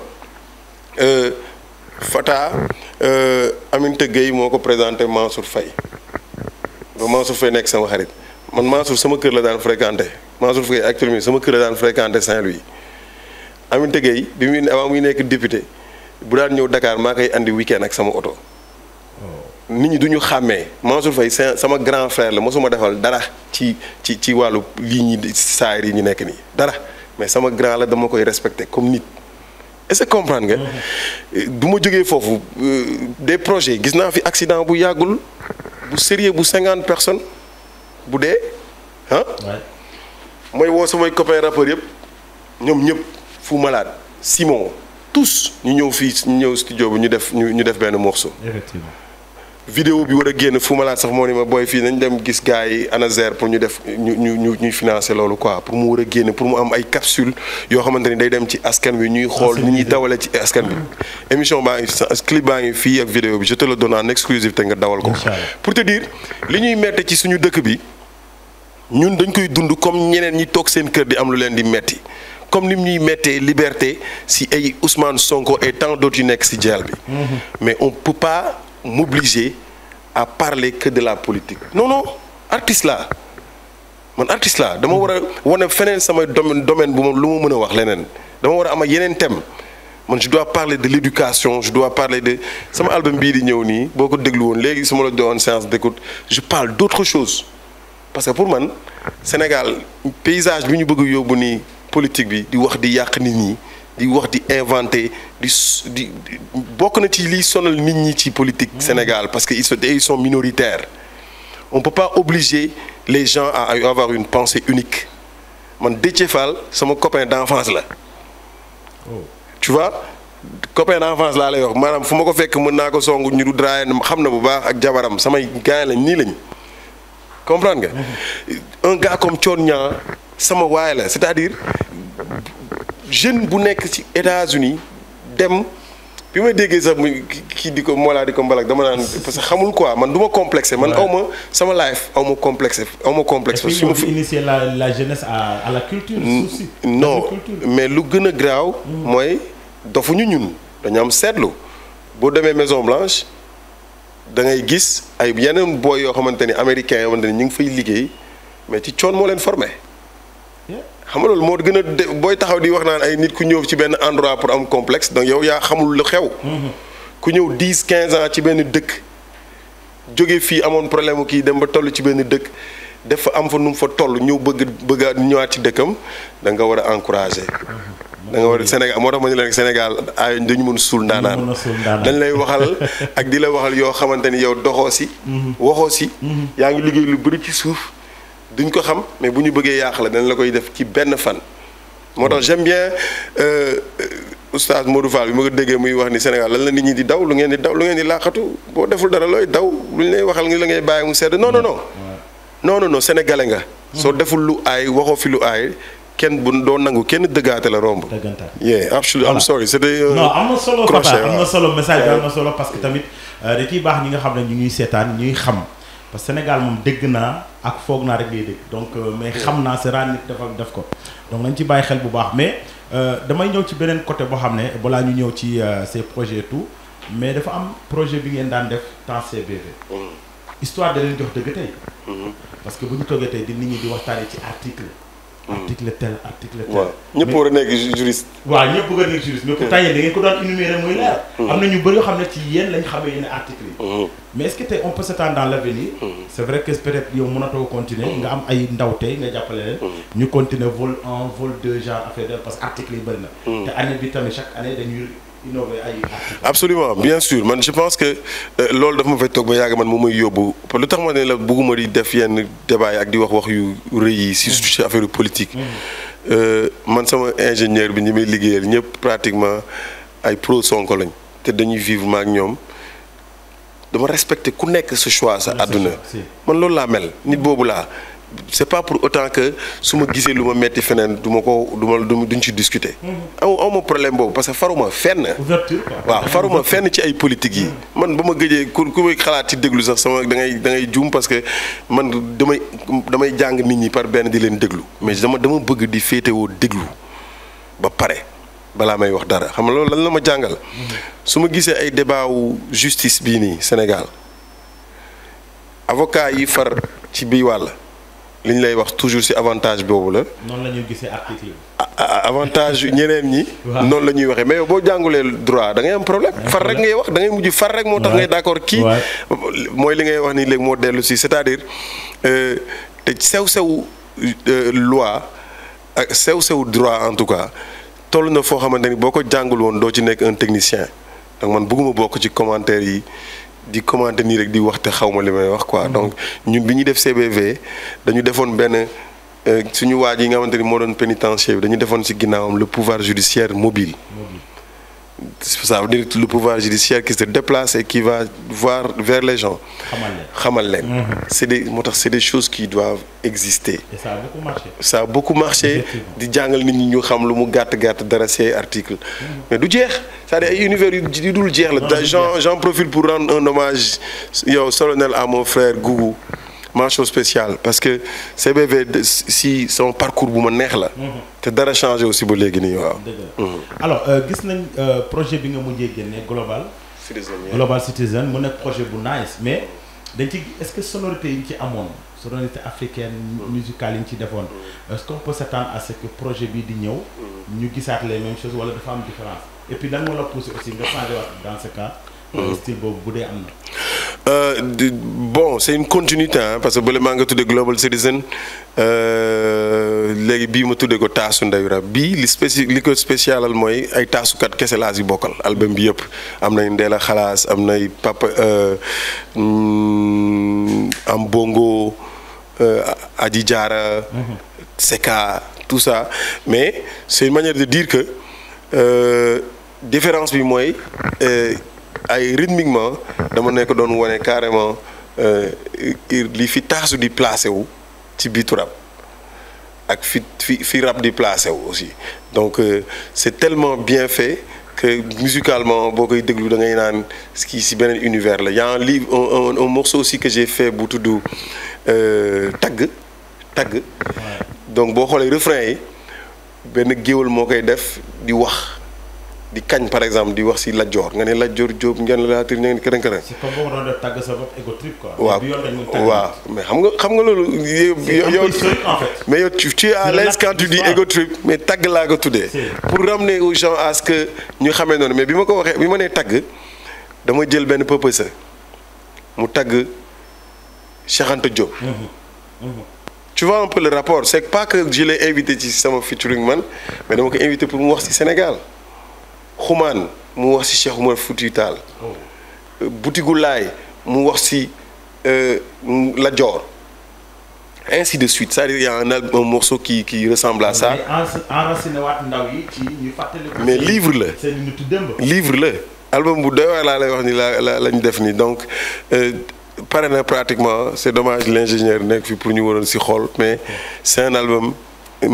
euh, Fata euh, Aminata Gueye moo ko présenté Mansour Faye ba Mansour Faye nekk sama xarit. man Mansour sama kër la daan fréquenté Mansour Faye actuellement mi sama kër la daan fréquenté Saint-Louis Aminata Gueye bi muy avant nekk député bu daan ñëw Dakar maa koy andi weekend ak sama oto oh. nit ñi duñu ñu xàmmee Mansour Faye sama grand frère la mosuma defal dara ci ci ci wàllu lii ñi saayir yi ñu nekk nii dara mais sama grand la dama koy respecté comme nit est-ce que nga mm-hmm. du ma jógee foofu euh, des projet gis naa fi accident bu yàggul bu sérieux bu cinquante personnes bu dee ah. mooy woo samay copain rappeur yëpp ñoom ñëpp Fou Malade Simon tous ñu ñëw fii ñu ñëw studio bi ñu def ñu ñu def benn morceau. effectivement. bi war a génn Fou Malade sax moo ne ma booy fii nañ dem gis gars yi ANASER pour ñu def ñu ñu ñu ñuy financer loolu quoi pour mu war a génn pour mu am ay capsule yoo xamante ni day dem ci askan wi ñuy xool ñu ah, ñuy dawale ci askan bi [laughs] émission baa ngi clip baa ngi fii ak vidéo bi je te le donne en exclusivité nga dawal ko. pour te dire li ñuy metti ci suñu dëkk bi. ñun dañ koy dund comme ñeneen ñi toog seen kër di am lu leen di metti comme ni ñuy mettee liberté si ay Ousmane Sonko et tant d'autres yu nekk si jaal bi. Mhm. mais on peut pas m'obliger à parler que de la politique. non non artiste laa dama war a wane feneen samay domaine domaine bu moom lu ma mën a wax leneen dama war a am yeneen thème man je dois parler de l'éducation je dois sama album bii di ñëw nii boo ko déglu léegi su ma la doon séance d'écoute je parle d'autres choses. parce que pour man Sénégal paysage bi ñu bëgg yóbbu nii politique bi di wax di yàq nit ñi di wax di inventé di di bokk na ci liy sonal nit ñi ci politique mm. Sénégal parce que ils sont ils sont minoritaires on peut pas obliger les gens à avoir une pensée unique man Déthié Fall sama copain d'enfance la oh. tu vois copain d'enfance laa lay wax maanaam fu ma ko fekk mën naa ko songu ñu du draayeen xam na bu baax ak jabaram samay gaay lañ nii lañ comprendre nga. un gars comme Thione Niang sama waay la c'est-à-dire jeune bu nekk ci États-Unis dem bi ma déggee sax mu kii di ko Mollah di ko mbalak dama naan parce que xamul quoi man du ma complexé man aw ma sama life aw ma complexé aw complexe. su ma fi initier la la jeunesse à à la culture. non mais lu gën a graaw. Mm. mooy dofuñu ñun dañu am seetlu boo demee Maison Blanche. da ngay gis ay yeneen booy yoo xamante ni américains yoo xamante ni ñu ngi fay liggéey mais ci coon moo leen formé xam nga loolu moo gën a de booy taxaw di wax naan ay nit ku ñëw ci benn endroit pour am complexe donc yow yaa xamul lu xew. Mm-hmm. ku ñëw 10 quinze ans ci benn dëkk jóge fii amoon problème mu kii dem ba toll ci benn dëkk. dafa am fa nu mu fa toll ñëw bëgg bëgg a ñëwaat ci dëkkam da nga war a encouragé. Mm-hmm. da nga war a mm-hmm. Sénégal moo tax ma ñu leen Sénégal ay dañu mën suul ndaanaan dañ lay waxal ak di la waxal yoo xamante ni yow doxoo si. Mm-hmm. waxoo si. yaa ngi liggéey lu bëri ci suuf duñ ko xam mais bu ñu bëggee yàq la dañ la koy def ci benn fan. moo tax j'aime bien euh, euh, oustaz Modou Fall bi ma ko déggee muy wax ni Sénégal lan la nit ñi di daw lu ngeen di daw lu ngeen di laaxatu boo deful dara looy daw luñ lay waxal ngi la ngay bàyyi mu sedd non non non non non sénégalais nga. soo deful lu aay waxoo fi lu aay kenn bu doo nangu kenn dëggaate la romb. dëggantaan yeah absolutely I'm euh, am na solo Fata solo message solo parce que tamit euh, da ciy baax ñi nga xam ne ñu ñuy seetaan ñuy xam. parce Sénégal moom dégg naa ak foog naa rek lay dégg donc euh, mais xam naa c'est rare nit dafa def ko donc nañ ci bàyyi xel bu baax mais damay ñëw ci beneen côté boo xam ne balaa ñu ñëw ci ces projet tout mais dafa am projet bi ngeen daan def temps CBV. Mm. histoire da leen jox dëgg tey. Mhm. parce que bu ñu toogee tey di nit ñi di waxtaanee ci article. Mhm. article tel article tel. waaw ñëpp war a nekk juriste. waaw ñëpp bëgg a nekk juriste mais pourtant mhm. yéen da ko doon énumérer muy leer. am na ñu bëri xam ne ci yéen lañ xamee yenn article yi. mais est ce tey on peut s'attendre dans l' avenir. c' est vrai que peut être a mënatoo continuer. nga am ay ndaw tey nga jàppale leen. ñu continuer vol un vol deux genre affaire parce que article yi bëri absolument bien sûr man je pense que euh, loolu dafa ma fay toog ba yàgg man moom may yóbbu lu tax ma ne la bëgguma di def yenn débat ak di wax wax yu rëy yi surtout ci affaire politique mm-hmm. euh, man sama ingénieur bi ñi may liggéeyal ñëpp pratiquement ay pro Sonko lañ te dañuy vivre ma ak ñoom dama respecter ku nekk sa choix sa àdduna man loolu laa mel nit boobu laa c'est pas pour autant que su ma gisee lu ma metti feneen du ma ko du ma duñ ci discuter. aw aw ma problème boobu parce que faruma fenn. waaw faruma fenn ci ay politique yi. Hmm. man ba ma gëjee ku ku may xalaat ci déglu sax sama da ngay da juum parce que man damay damay jàng nit ñi par benn di leen déglu mais dama dama bëgg di féetewoo déglu ba pare balaa may wax dara xam nga loolu lan la ma jàngal. Hmm. su ma gisee ay débat wu justice bii nii Sénégal avocat yi far ci bii wàll. li ñu lay wax toujours ci avantage boobu la. noonu la ñuy gisee avantage [laughs] ñeneen ñi. noonu la ñuy waxee mais boo jàngulee droit da ngay am problème. far rek ngay wax dangay ngay far rek moo tax ngay d'accord kii. mooy li ngay wax nii léegi moo dellu ci c'est-à-dire euh, te sew sew euh, loi ak sew sew droit en tout cas toll na foo xamante ni boo ko jàngul woon doo ci nekk un technicien donc man bëgguma bokk ci commentaire yi. di commenter nii rek di waxte xawma xaw li may wax quoi. Mm-hmm. donc ñu bi ñuy def CBV dañu defoon benn euh, suñu waaj yi nga xamante ni moo doon pénitencier bi dañu defoon ci ginnaawam le pouvoir judiciaire mobile. ça veut dire le pouvoir judiciaire qui se déplace et qui va voir vers les gens. xamal leen mhm. c'est de moo tax c'est des choses qui doivent exister. Et ça a beaucoup marché. di jàngal nit ñi ñu xam lu mu gàtt gàtt dara say article mhm. mais du jeex cest à univers yu dul jeex la. j'en j'en profite pour rendre un hommage yow solennel à mon frère Gougou. mention spéciale parce que CBV si sama parcours bu ma neex la. te dara changé aussi ba léegi nii waaw. Mhm. alors euh, gis nañ euh, projet bi nga mujjee génne global. citizen global citizen mu nekk projet bu nice mais dañ ci est que sonorité yi ñu ci amoon sonorité africaine mhm. musicale yi ñu ci defoon mhm. est-ce qu'on peut à ce que projet bi di ñëw. ñu gisaat les mêmes choses wala dafa am différence et puis lan moo la poussé aussi nga changé waat dans ce cas. Euh. style boobu bu dee am na. Euh, bon c'est une parce que bële maa nga tuddee Global Citizen euh, léegi bii ma tuddee ko taasu Ndayu Rap bii li spéci li ko spécialal mooy ay taasukat kese laa si bokkal album bi yëpp am nay Ndéla Xalaas am nay Papa mm, am Bongo Adji Diarra. Mm-hmm. Seka tout ça mais c'est une manière de dire que différence bi mooy. ay rythmiquement dama nekk doon wane carrément euh, li fi taasu di placé wu ci biitu rap ak fi fi fi rap di placé wu aussi donc euh, c'est tellement bien fait que musicalement boo koy déglu da ngay naan kii si beneen univers la y li un livre un morceau si que j'ai fait bu tudd euh, tagg tagg donc boo xoolee refrain yi benn géwal moo koy def di wax di kañ par exemple di wax si Lat Dior nga ne Lat Dior Diop ngeen la laatir ngeen kërën kërën. si comme boobu doon tàgg sa bopp mais xam nga xam nga loolu. yow mais yow tu es à l'aise quand mais tàgg laa ko tuddee. pour ramener aux gens à ce que ñu xamee noonu mais bi ma ko waxee bi ma nee tàgg dama jël benn pëpësa mu tàgg Cheikh Anta Diop. Mm-hmm. Mm-hmm. tu vois rapport c'est pas que je l'ai invité ci sama featuring man mais dama ko invité pour mu wax si Sénégal. xumaan mu wax si Cheikh Oumar Fouti Tall butigu mu wax si euh, la Dior ainsi de suite cest dire il un, un morceau qui qui ressemble à ça. mais livre la. livre la album bu doy waar laa lay wax ni la lañ def ni donc euh, pare na pratiquement c'est dommage l'ingénieur nekk fi pour ñu waroon si xool mais c'est un album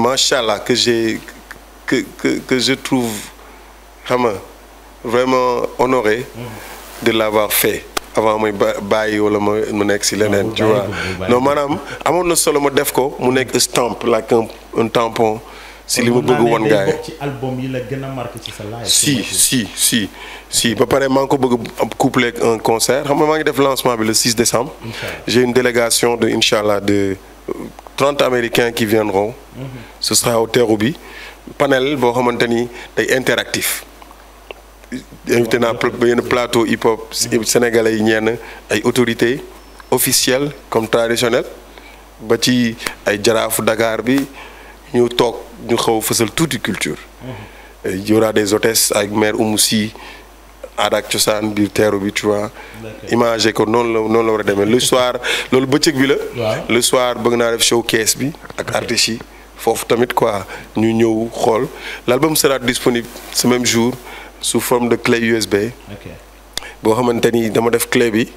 macha allah que j'ai que que je trouve. xam nga vraiment honoré de l'avoir fait avant may bàyyi wala ma mu nekk si leneen tu vois non maanaam amoon na solo ma def ko mu nekk stamp like un tampon si li ma bëgg woon gars ci album yi si si si si ba pare maa ngi ko bëgg couplé ak un concert xam maa ngi def lancement bi le 6 décembre j'ai une délégation de inchallah de 30 américains qui viendront mhm. ce sera au Terrou-Bi panel boo xamante ni day interactif invité naa benn plateau hip hop sénégalais yi ñenn ay autorités officielles comme traditionnelles ba ci ay jaraafu Dakar bi ñu toog ñu xaw a fësal tuuti culture. Mm-hmm. y des hôtesses ak mère Oumou Sy aada ak cosaan biir teeru bi tu vois. ko noonu la noonu la war a deme le soir loolu bëccëg bi la. le soir bëgg naa def showcase bi ak artistes foofu tamit quoi ñu ñëw xool l'album sera disponible ce même jour. su forme de clé USB. boo xamante ni dama def clé bi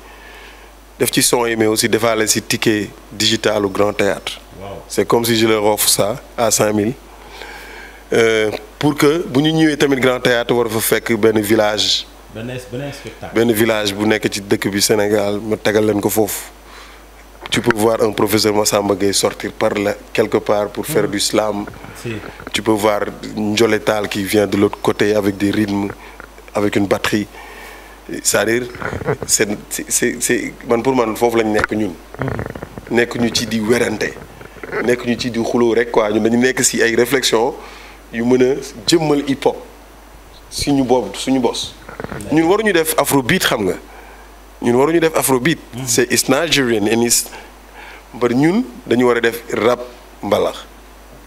def ci son yi mais aussi defaale si ticket digital au grand théâtre wow. comme si je leur offre ça à 5000 euh, pour que bu ñu ñëwee tamit grand théâtre war fa fekk benn village. benn benn village bu nekk ci dëkk bi Sénégal ma tegal leen ko foofu. tu peux voir un professeur Massamba Gueye sortir par la quelque part pour faire mm. du slam. Si. Tu peux voir Ndjoletal qui vient de l'autre côté avec des rythmes, avec une batterie. C'est-à-dire [laughs] c'est c'est c'est man pour man foofu lañu nekk ñun. Mm. nekk ñu ci di werante. nekk ñu ci di xuloo rek quoi ñun dañu nekk si ay réflexion yu mën a jëmmal hip suñu boobu suñu bos. Mm. ñun waruñu def afrobeat xam nga. ñun waruñu def afrobeat. Mhm. c' est it's Nigerian and it's but ñun dañu war a def rap mbalax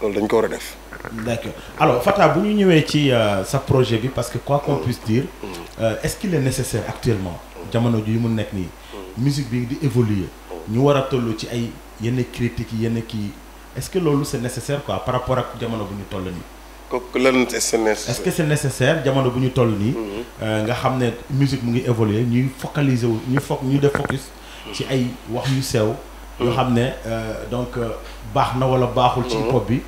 loolu dañ ko war a def. d' accord alors Fata bu ñu ñëwee ci euh, sa projet bi parce que quoi qu'on mm. puisse dire. Mm. Euh, est nécessaire actuellement. Mm. jamono ji mu nekk nii. musique bi di évoluer. ñu war a toll ci ay yenn critiques yenn kii est ce que loolu c' est nécessaire quoi par rapport ak jamono bu ñu toll nii. est-ce que c'est nécessaire jamono bu ñu toll nii mm-hmm. euh, nga xam ne musique mu ngi évoluer ñuy focaliser wu ñuy fo ñuy def focus ci ay wax yu sew mm-hmm. yoo xam ne euh, donc euh, baax na wala baaxul ci mm-hmm. hip hop bi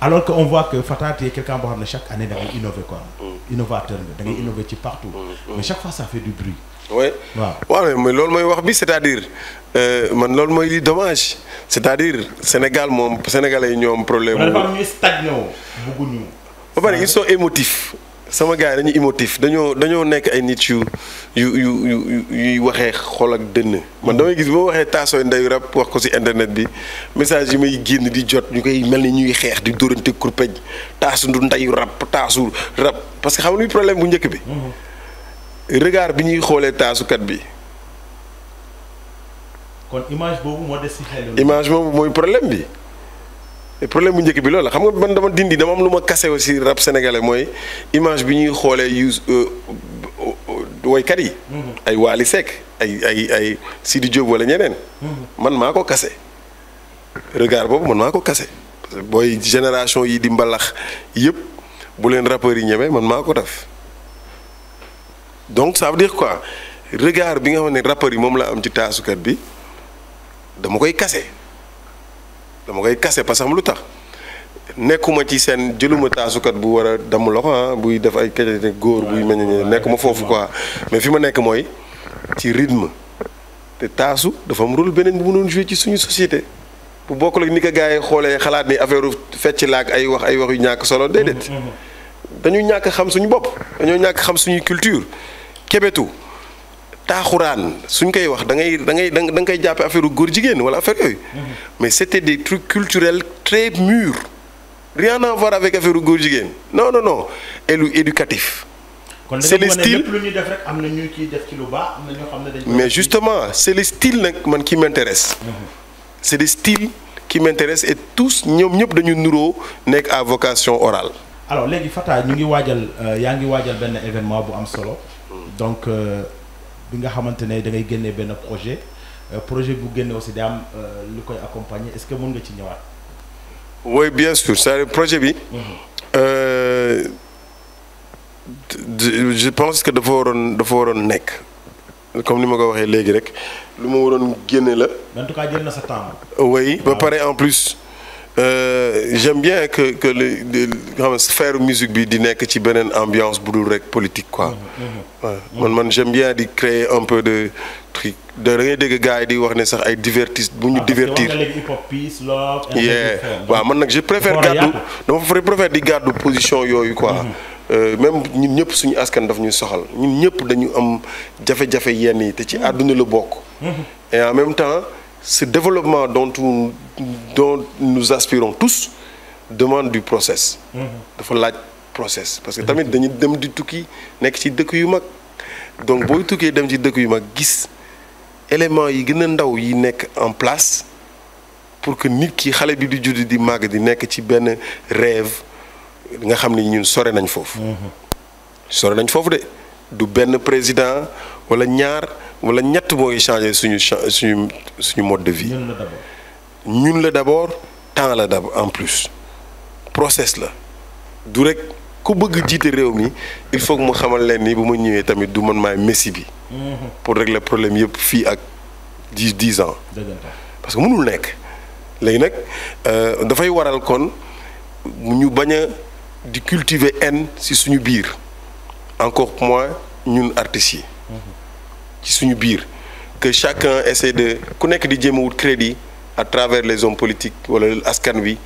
alors que on voit que boo xam ne chaque année da ngay innover quoi innovateur da ngay innover ci partout mais chaque fois ça fait du bruit waaw waaw mais loolu mooy wax bi c'est-à-dire man loolu mooy li dommage c'est-à-dire Sénégal moom sénégalais yi ñoom problème dafa am ñuy stagné ba pare ils sont sama gaa yi dañu émotif dañoo dañoo nekk ay nit yu yu yu yu yuy waxee xol ak dënn man damay gis boo waxee taasooy ndeyu rab wax ko ci internet bi message yi may génn di jot ñu koy mel ni ñuy xeex di dóorante kurpeñ taasu ndu ndeyu rab taasu rab parce que xam nga problème bu njëkk bi mm-hmm. regard bi ñuy xoolee taasukat bi kon image boobu mooy problème bi problème bu njëkk bi loolu xam nga man dama dindi dama am lu ma kase aussi rab sénégalais mooy image bi ñuy xoole use euh, euh, woykat yi. Mhm. ay Waly Seck ay ay ay Sidi Diop wala ñeneen. Mhm. man maa ko kase. regard boobu man maa ko kase booy génération yi di mbalax yëpp bu leen rappeurs yi ñemee man maa ko def donc ça veut dire quoi regard bi nga xam ne rappeurs yi moom la am ci taasukat bi dama koy kase. dama koy kase parce que xam lu tax nekkuma ci seen jëluma taasukat bu war a loxo ah buy def ay kecc góor buy meññ nekkuma foofu quoi mais fi ma nekk mooy ci rythme te taasu dafa am rôle beneen bu mënoon jouer ci suñu société. bu bokk ak ni ko gars yi xoolee xalaat ni affaire fecc laak ay wax ay wax yu ñàkk solo déedéet. Mm-hmm. dañu ñàkk xam suñu bopp dañoo ñàkk xam suñuy culture kebetu taaxuraan suñ koy wax da ngay da ngay da nga koy jàppe affaire góor jigéen wala affaire yooyu mm-hmm. mais c'était des trucs culturels très mûrs rien à voir avec affaire góor jigéen non non non et lu éducatif c'est le def am na ñu lu baax am ñoo xam ne dañ mais justement c'est le style nag man qui m'intéresse mm-hmm. c'est le style qui m'intéresse et tous ñoom ñëpp dañu nuroo nekk à vocation orale alors léegi Fata ñu ngi waajal euh, yaa ngi waajal benn événement bu am bi nga xamante ne da ngay génnee benn projet euh, projet bu génne aussi day am euh, lu koy accompagner est-ce que mën nga ci ñëwaat. oui bien sûr c'est projet bi. Mhm. Euh, je pense que dafa waroon dafa waroon nekk comme ni ma ko waxee léegi rek lu ma waroon génne la. en tout cas jël na sa temps. oui ba ah. pare en plus. Euh, j'aime bien que que le xam sphère musique di nekk ci beneen ambiance bu dul rek politique quoi. waaw mm-hmm. man man j'aime di créer un peu de truc da ngay dégg gars yi di wax ne sax ay divertis bu ñu ah, divertir. waaw man nag je préfère gàddu dama préfère di gàddu position yooyu quoi. Mm-hmm. Euh, même ñun ñëpp suñu askan daf ñuy soxal ñun ñëpp dañu am jafe-jafe yenn yi te ci mm-hmm. àdduna la bokk. et en ce développement dont nous, dont nous aspirons tous demande du process dafa laaj process parce que tamit dañu dem di tukki nekk ci dëkk yu mag donc booy tukkee dem ci dëkk yu mag gis éléments yi gën a ndaw yi nekk en place pour que nit ki xale bi di judd di màgg di nekk ci benn rêve nga xam ni ñun sore nañ foofu mm-hmm. sore nañ foofu de du benn président wala ñaar wala ñett mooy changer suñu suñu suñu mode de vie. ñun la d'abord temps la d'abord en plus process la du rek ku bëgg jiite réew mi il faut mu xamal leen ni bu ma ñëwee tamit du man maay messi bi. Mm-hmm. pour régler problème yëpp fii ak dix dix ans. parce que mënul nekk léegi nag euh, dafay waral kon ñu bañ a di cultiver haine ci suñu biir encore moins ñun artistes yi. Mm-hmm. ci suñu biir que chacun essaie de ku nekk di jéem wut crédit à travers les hommes politiques wala askan bi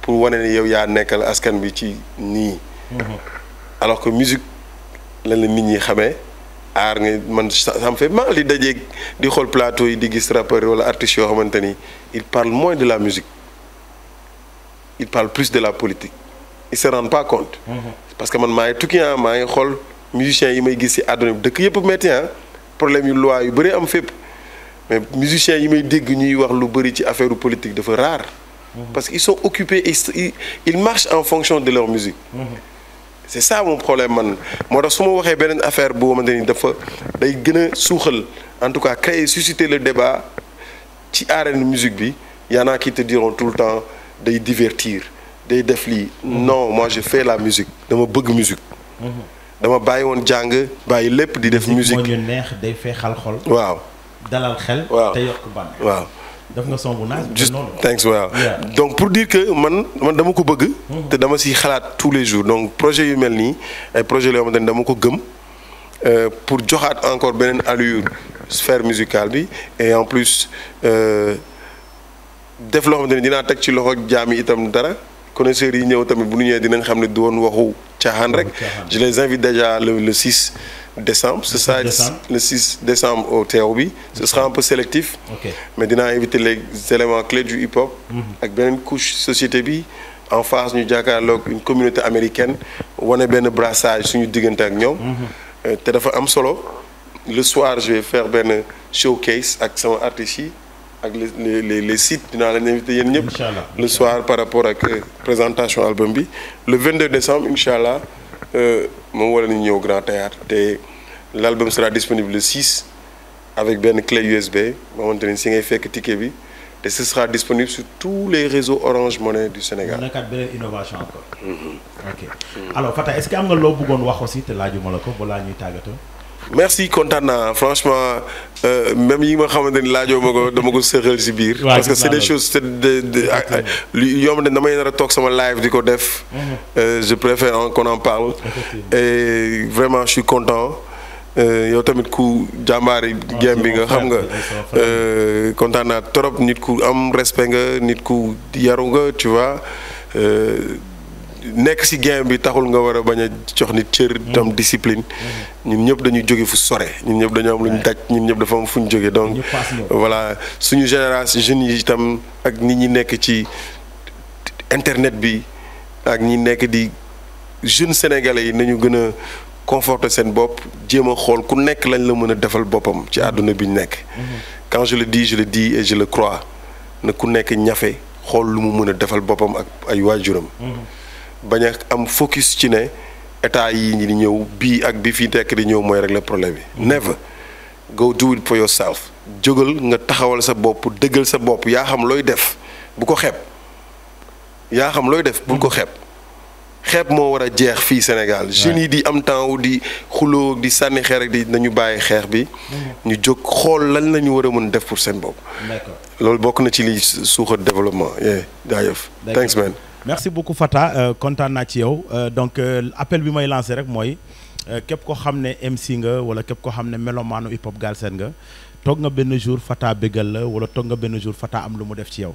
pour wane ne yow yaa nekkal askan bi ci nii. Mhm. alors que musique lan la nit ñi xamee aar nga man sam fait mal di dajeeg di xool plateau yi di gis rappeur wala artistes yoo xamante ni il parle moins de la musique il parle plus de la politique ils se pas compte. Mhm. parce que man maa ngi tukki ah, maa ngi xool musiciens yi may gis si àdduna bi dëkk yëpp metti ah. problème yu loi yu bëri am fépp mais musiciens yi may dégg ñuy wax lu bëri ci affaire politique dafa rare parce que ils sont occupés et ils marchent en fonction de leur musique c'est ça mon problème man moo tax su ma waxee beneen affaire bu xamante ni dafa day gën a suuxal en tout cas créer susciter le débat ci arène musique bi yaa en a te diront tout le temps day divertir day def lii non moi je la musique dama bëgg musique dama bàyyi woon jàng bàyyi lépp di def. musique moo ñu neex day feexal xol. waaw dalal xel. waaw te yokk bànneex waaw. def nga son bu naaj. juste thanks waaw donc pour dire que man man dama ko bëgg. Mhm. te dama si xalaat tous les jours donc projet yu mel nii ay projet la yoo xamante ne dama ko gëm euh, pour joxaat encore beneen allure sphère musicale bi et en plus euh, def loo xamante dinaa teg ci loxo jaam itam dara. connaisseurs yi ñëw tamit bu ñu ñëwee dinañ xam ne du woon waxu caaxaan rek je les invite déjà le le 6 décembre ce sera le 6 décembre au teew bi ce sera mais dinaa inviter les éléments clés du hip hop mhm. ak beneen couche société bi en face ñu jàkkaarloog une communauté américaine wane benn brassage suñu diggante ak ñoom mhm. euh, te dafa am solo le soir je vais faire benn showcase ak sama artistes yi ak les les les sites dinaa leen invité yéen ñëpp. le soir par rapport ak euh, présentation album bi. le 22 décembre incha allah euh, moom wala nañu ñëw Grand Théâtre te l' sera disponible le avec benn clé USB boo xamante ni si ngay fekk ticket bi te ce sera disponible sur tous les réseaux Orange Money du Sénégal. mu nekkaat beneen innovation encore. Mhm. ok alors Fata est ce que am nga loo bëggoon wax aussi te laajuma la ko balaa ñuy tàggatoo. merci kontaan franchement. Euh, même yi ma xamante ni laajoo ma ko dama ko sëxal si biir. parce que c' est des choses c' est de lu yomb ne damay nar a toog sama live di ko def. Mhm. Euh, je préfère qu'on en parle. et vraiment suis content. Euh, yow tamit ku jàmbaari gem bi nga xam nga kontaan trop nit ku am respect nga nit ku yaru nga tu nekk si gain bi taxul nga war a bañ a jox nit cër. Mm. tam discipline. Mm. ñun ñëpp dañuy jóge fu sore ñun ñëpp dañu am luñ ñu daj ñun ñëpp dafa am fu ñu jóge donc. voilà suñu génération jeunes yi itam ak nit ñi nekk ci internet bi ak ñi nekk di jeunes sénégalais yi nañu gën a conforter seen bopp jéem a xool ku nekk lañ la mën a defal boppam ci mm. àdduna bi ñu nekk. Mm-hmm. quand je le dis je le et je le crois na ku nekk ñafe xool lu mu mën a defal boppam ak ay waajuram. Mm-hmm. bañ a am focus ci ne état yi ñi ñëw bii ak bi fi nekk di ñëw mooy régler problème yi never go do it for yourself jógal nga taxawal sa bopp dëggal sa bopp yaa xam looy def bu ko xeeb yaa xam looy def bul ko xeeb xeeb moo war a jeex fii Sénégal jeunes yi di am temps wu di xuloo di sànni xeer ak di nañu bàyyi xeex bi mm-hmm. ñu jóg xool lan la ñu war a mën def pour seen bopp loolu bokk na ci li suuxa développement yee merci beaucoup Fata euh, kontaan naa ci yow euh, donc euh, appel bi may lancé rek mooy képp ko xam ne MC nga wala képp ko xam ne melomaanu hip hop Galsen nga toog nga benn jour Fata bégal la wala toog nga benn jour Fata am lu mu def ci yow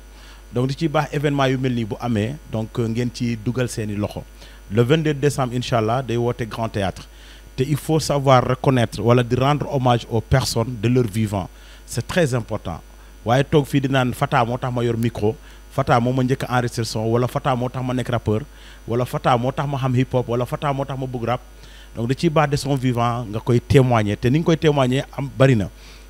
donc di ci baax événement yu mel nii bu amee donc ngeen ci dugal seeni loxo le 22 décembre incha allah day woote grand théâtre te il faut savoir reconnaître wala di rendre hommage aux personnes de leur vivant c'est très important waaye toog fii di Fata moo tax ma yor micro Fata moo ma njëkk a enregistré son wala Fata moo tax ma nekk rappeur wala Fata moo tax ma xam hip hop wala Fata moo tax ma bëgg rap donc da ciy baax de son vivant nga koy témoigner te ni koy témoigner am bari na.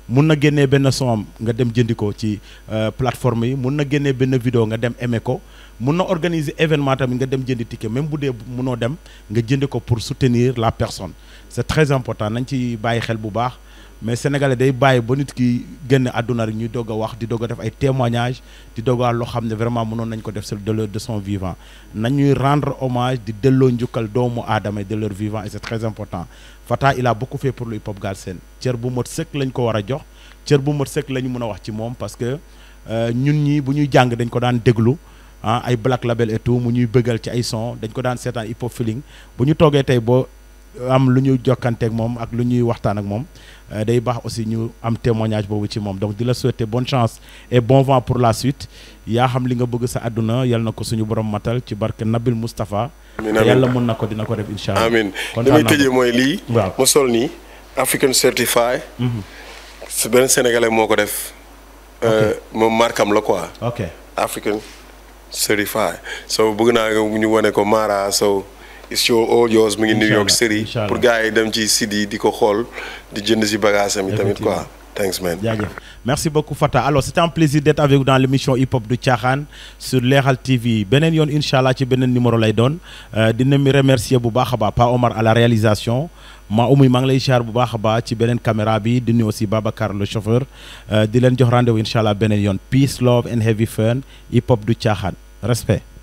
mun na génnee benn son nga dem jëndi ko ci euh, plateforme yi mun na génnee benn vidéo nga dem aimé ko mun na organiser événement tamit nga dem jëndi ticket même bu dee munoo dem nga jëndi ko pour soutenir la personne c'est très important nañ ci bàyyi xel bu baax. mais sénégalais day bàyyi ba nit ki génn àdduna rek ñuy doog wax di doog a def ay témoignages di doog loo xam ne vraiment mënoon nañ ko def sa de de son vivant nañuy rendre hommage di delloo njukkal doomu aadama de leur vivant et c'est très important Fata il a beaucoup fait pour hip-hop galsen cër bu mot sëkk lañ ko war a jox cër bu mot sëkk la ñu mën a wax ci moom parce que euh, ñun ñii bu ñuy jàng dañ ko daan déglu ah ay black label et tout mu ñuy bëggal ci ay son dañ ko daan seetaan hip-hop feeling bu ñu toogee am lu ñuy jokkanteeg moom ak lu ñuy waxtaan ak moom euh, day baax aussi ñu am témoignage boobu ci moom donc di la souhaiter bonne chance et bon vent pour la suite yaa xam li nga bëgg sa àdduna yal na ko suñu borom matal ci barke Nabil Moustapha yàlla mën na ko dina ko def incha mooy lii waaw mu sol nii African certified mhm. su benn sénégalais moo ko def euh, moom markam la quoi ok African certified bëgg naa nga ñu wone ko Mara Sow it's your all yours mu ngi New York City pour gars yi dem ci site yi di ko xool di jënd si bagage am yi tamit merci beaucoup Fata alors c'est un plaisir d'être avec vous dans l'émission hip hop du caaxaan sur Leral TV beneen yoon incha allah ci beneen numéro lay doon euh, dina mi remercier bu baax a baax Pa Omar à la réalisation ma umuy maa lay ziar bu baax a baax ci beneen caméra bi di nuyu aussi Babacar le chauffeur euh, di leen jox rendez-vous incha allah beneen yoon peace love and heavy fun hip du caaxaan respect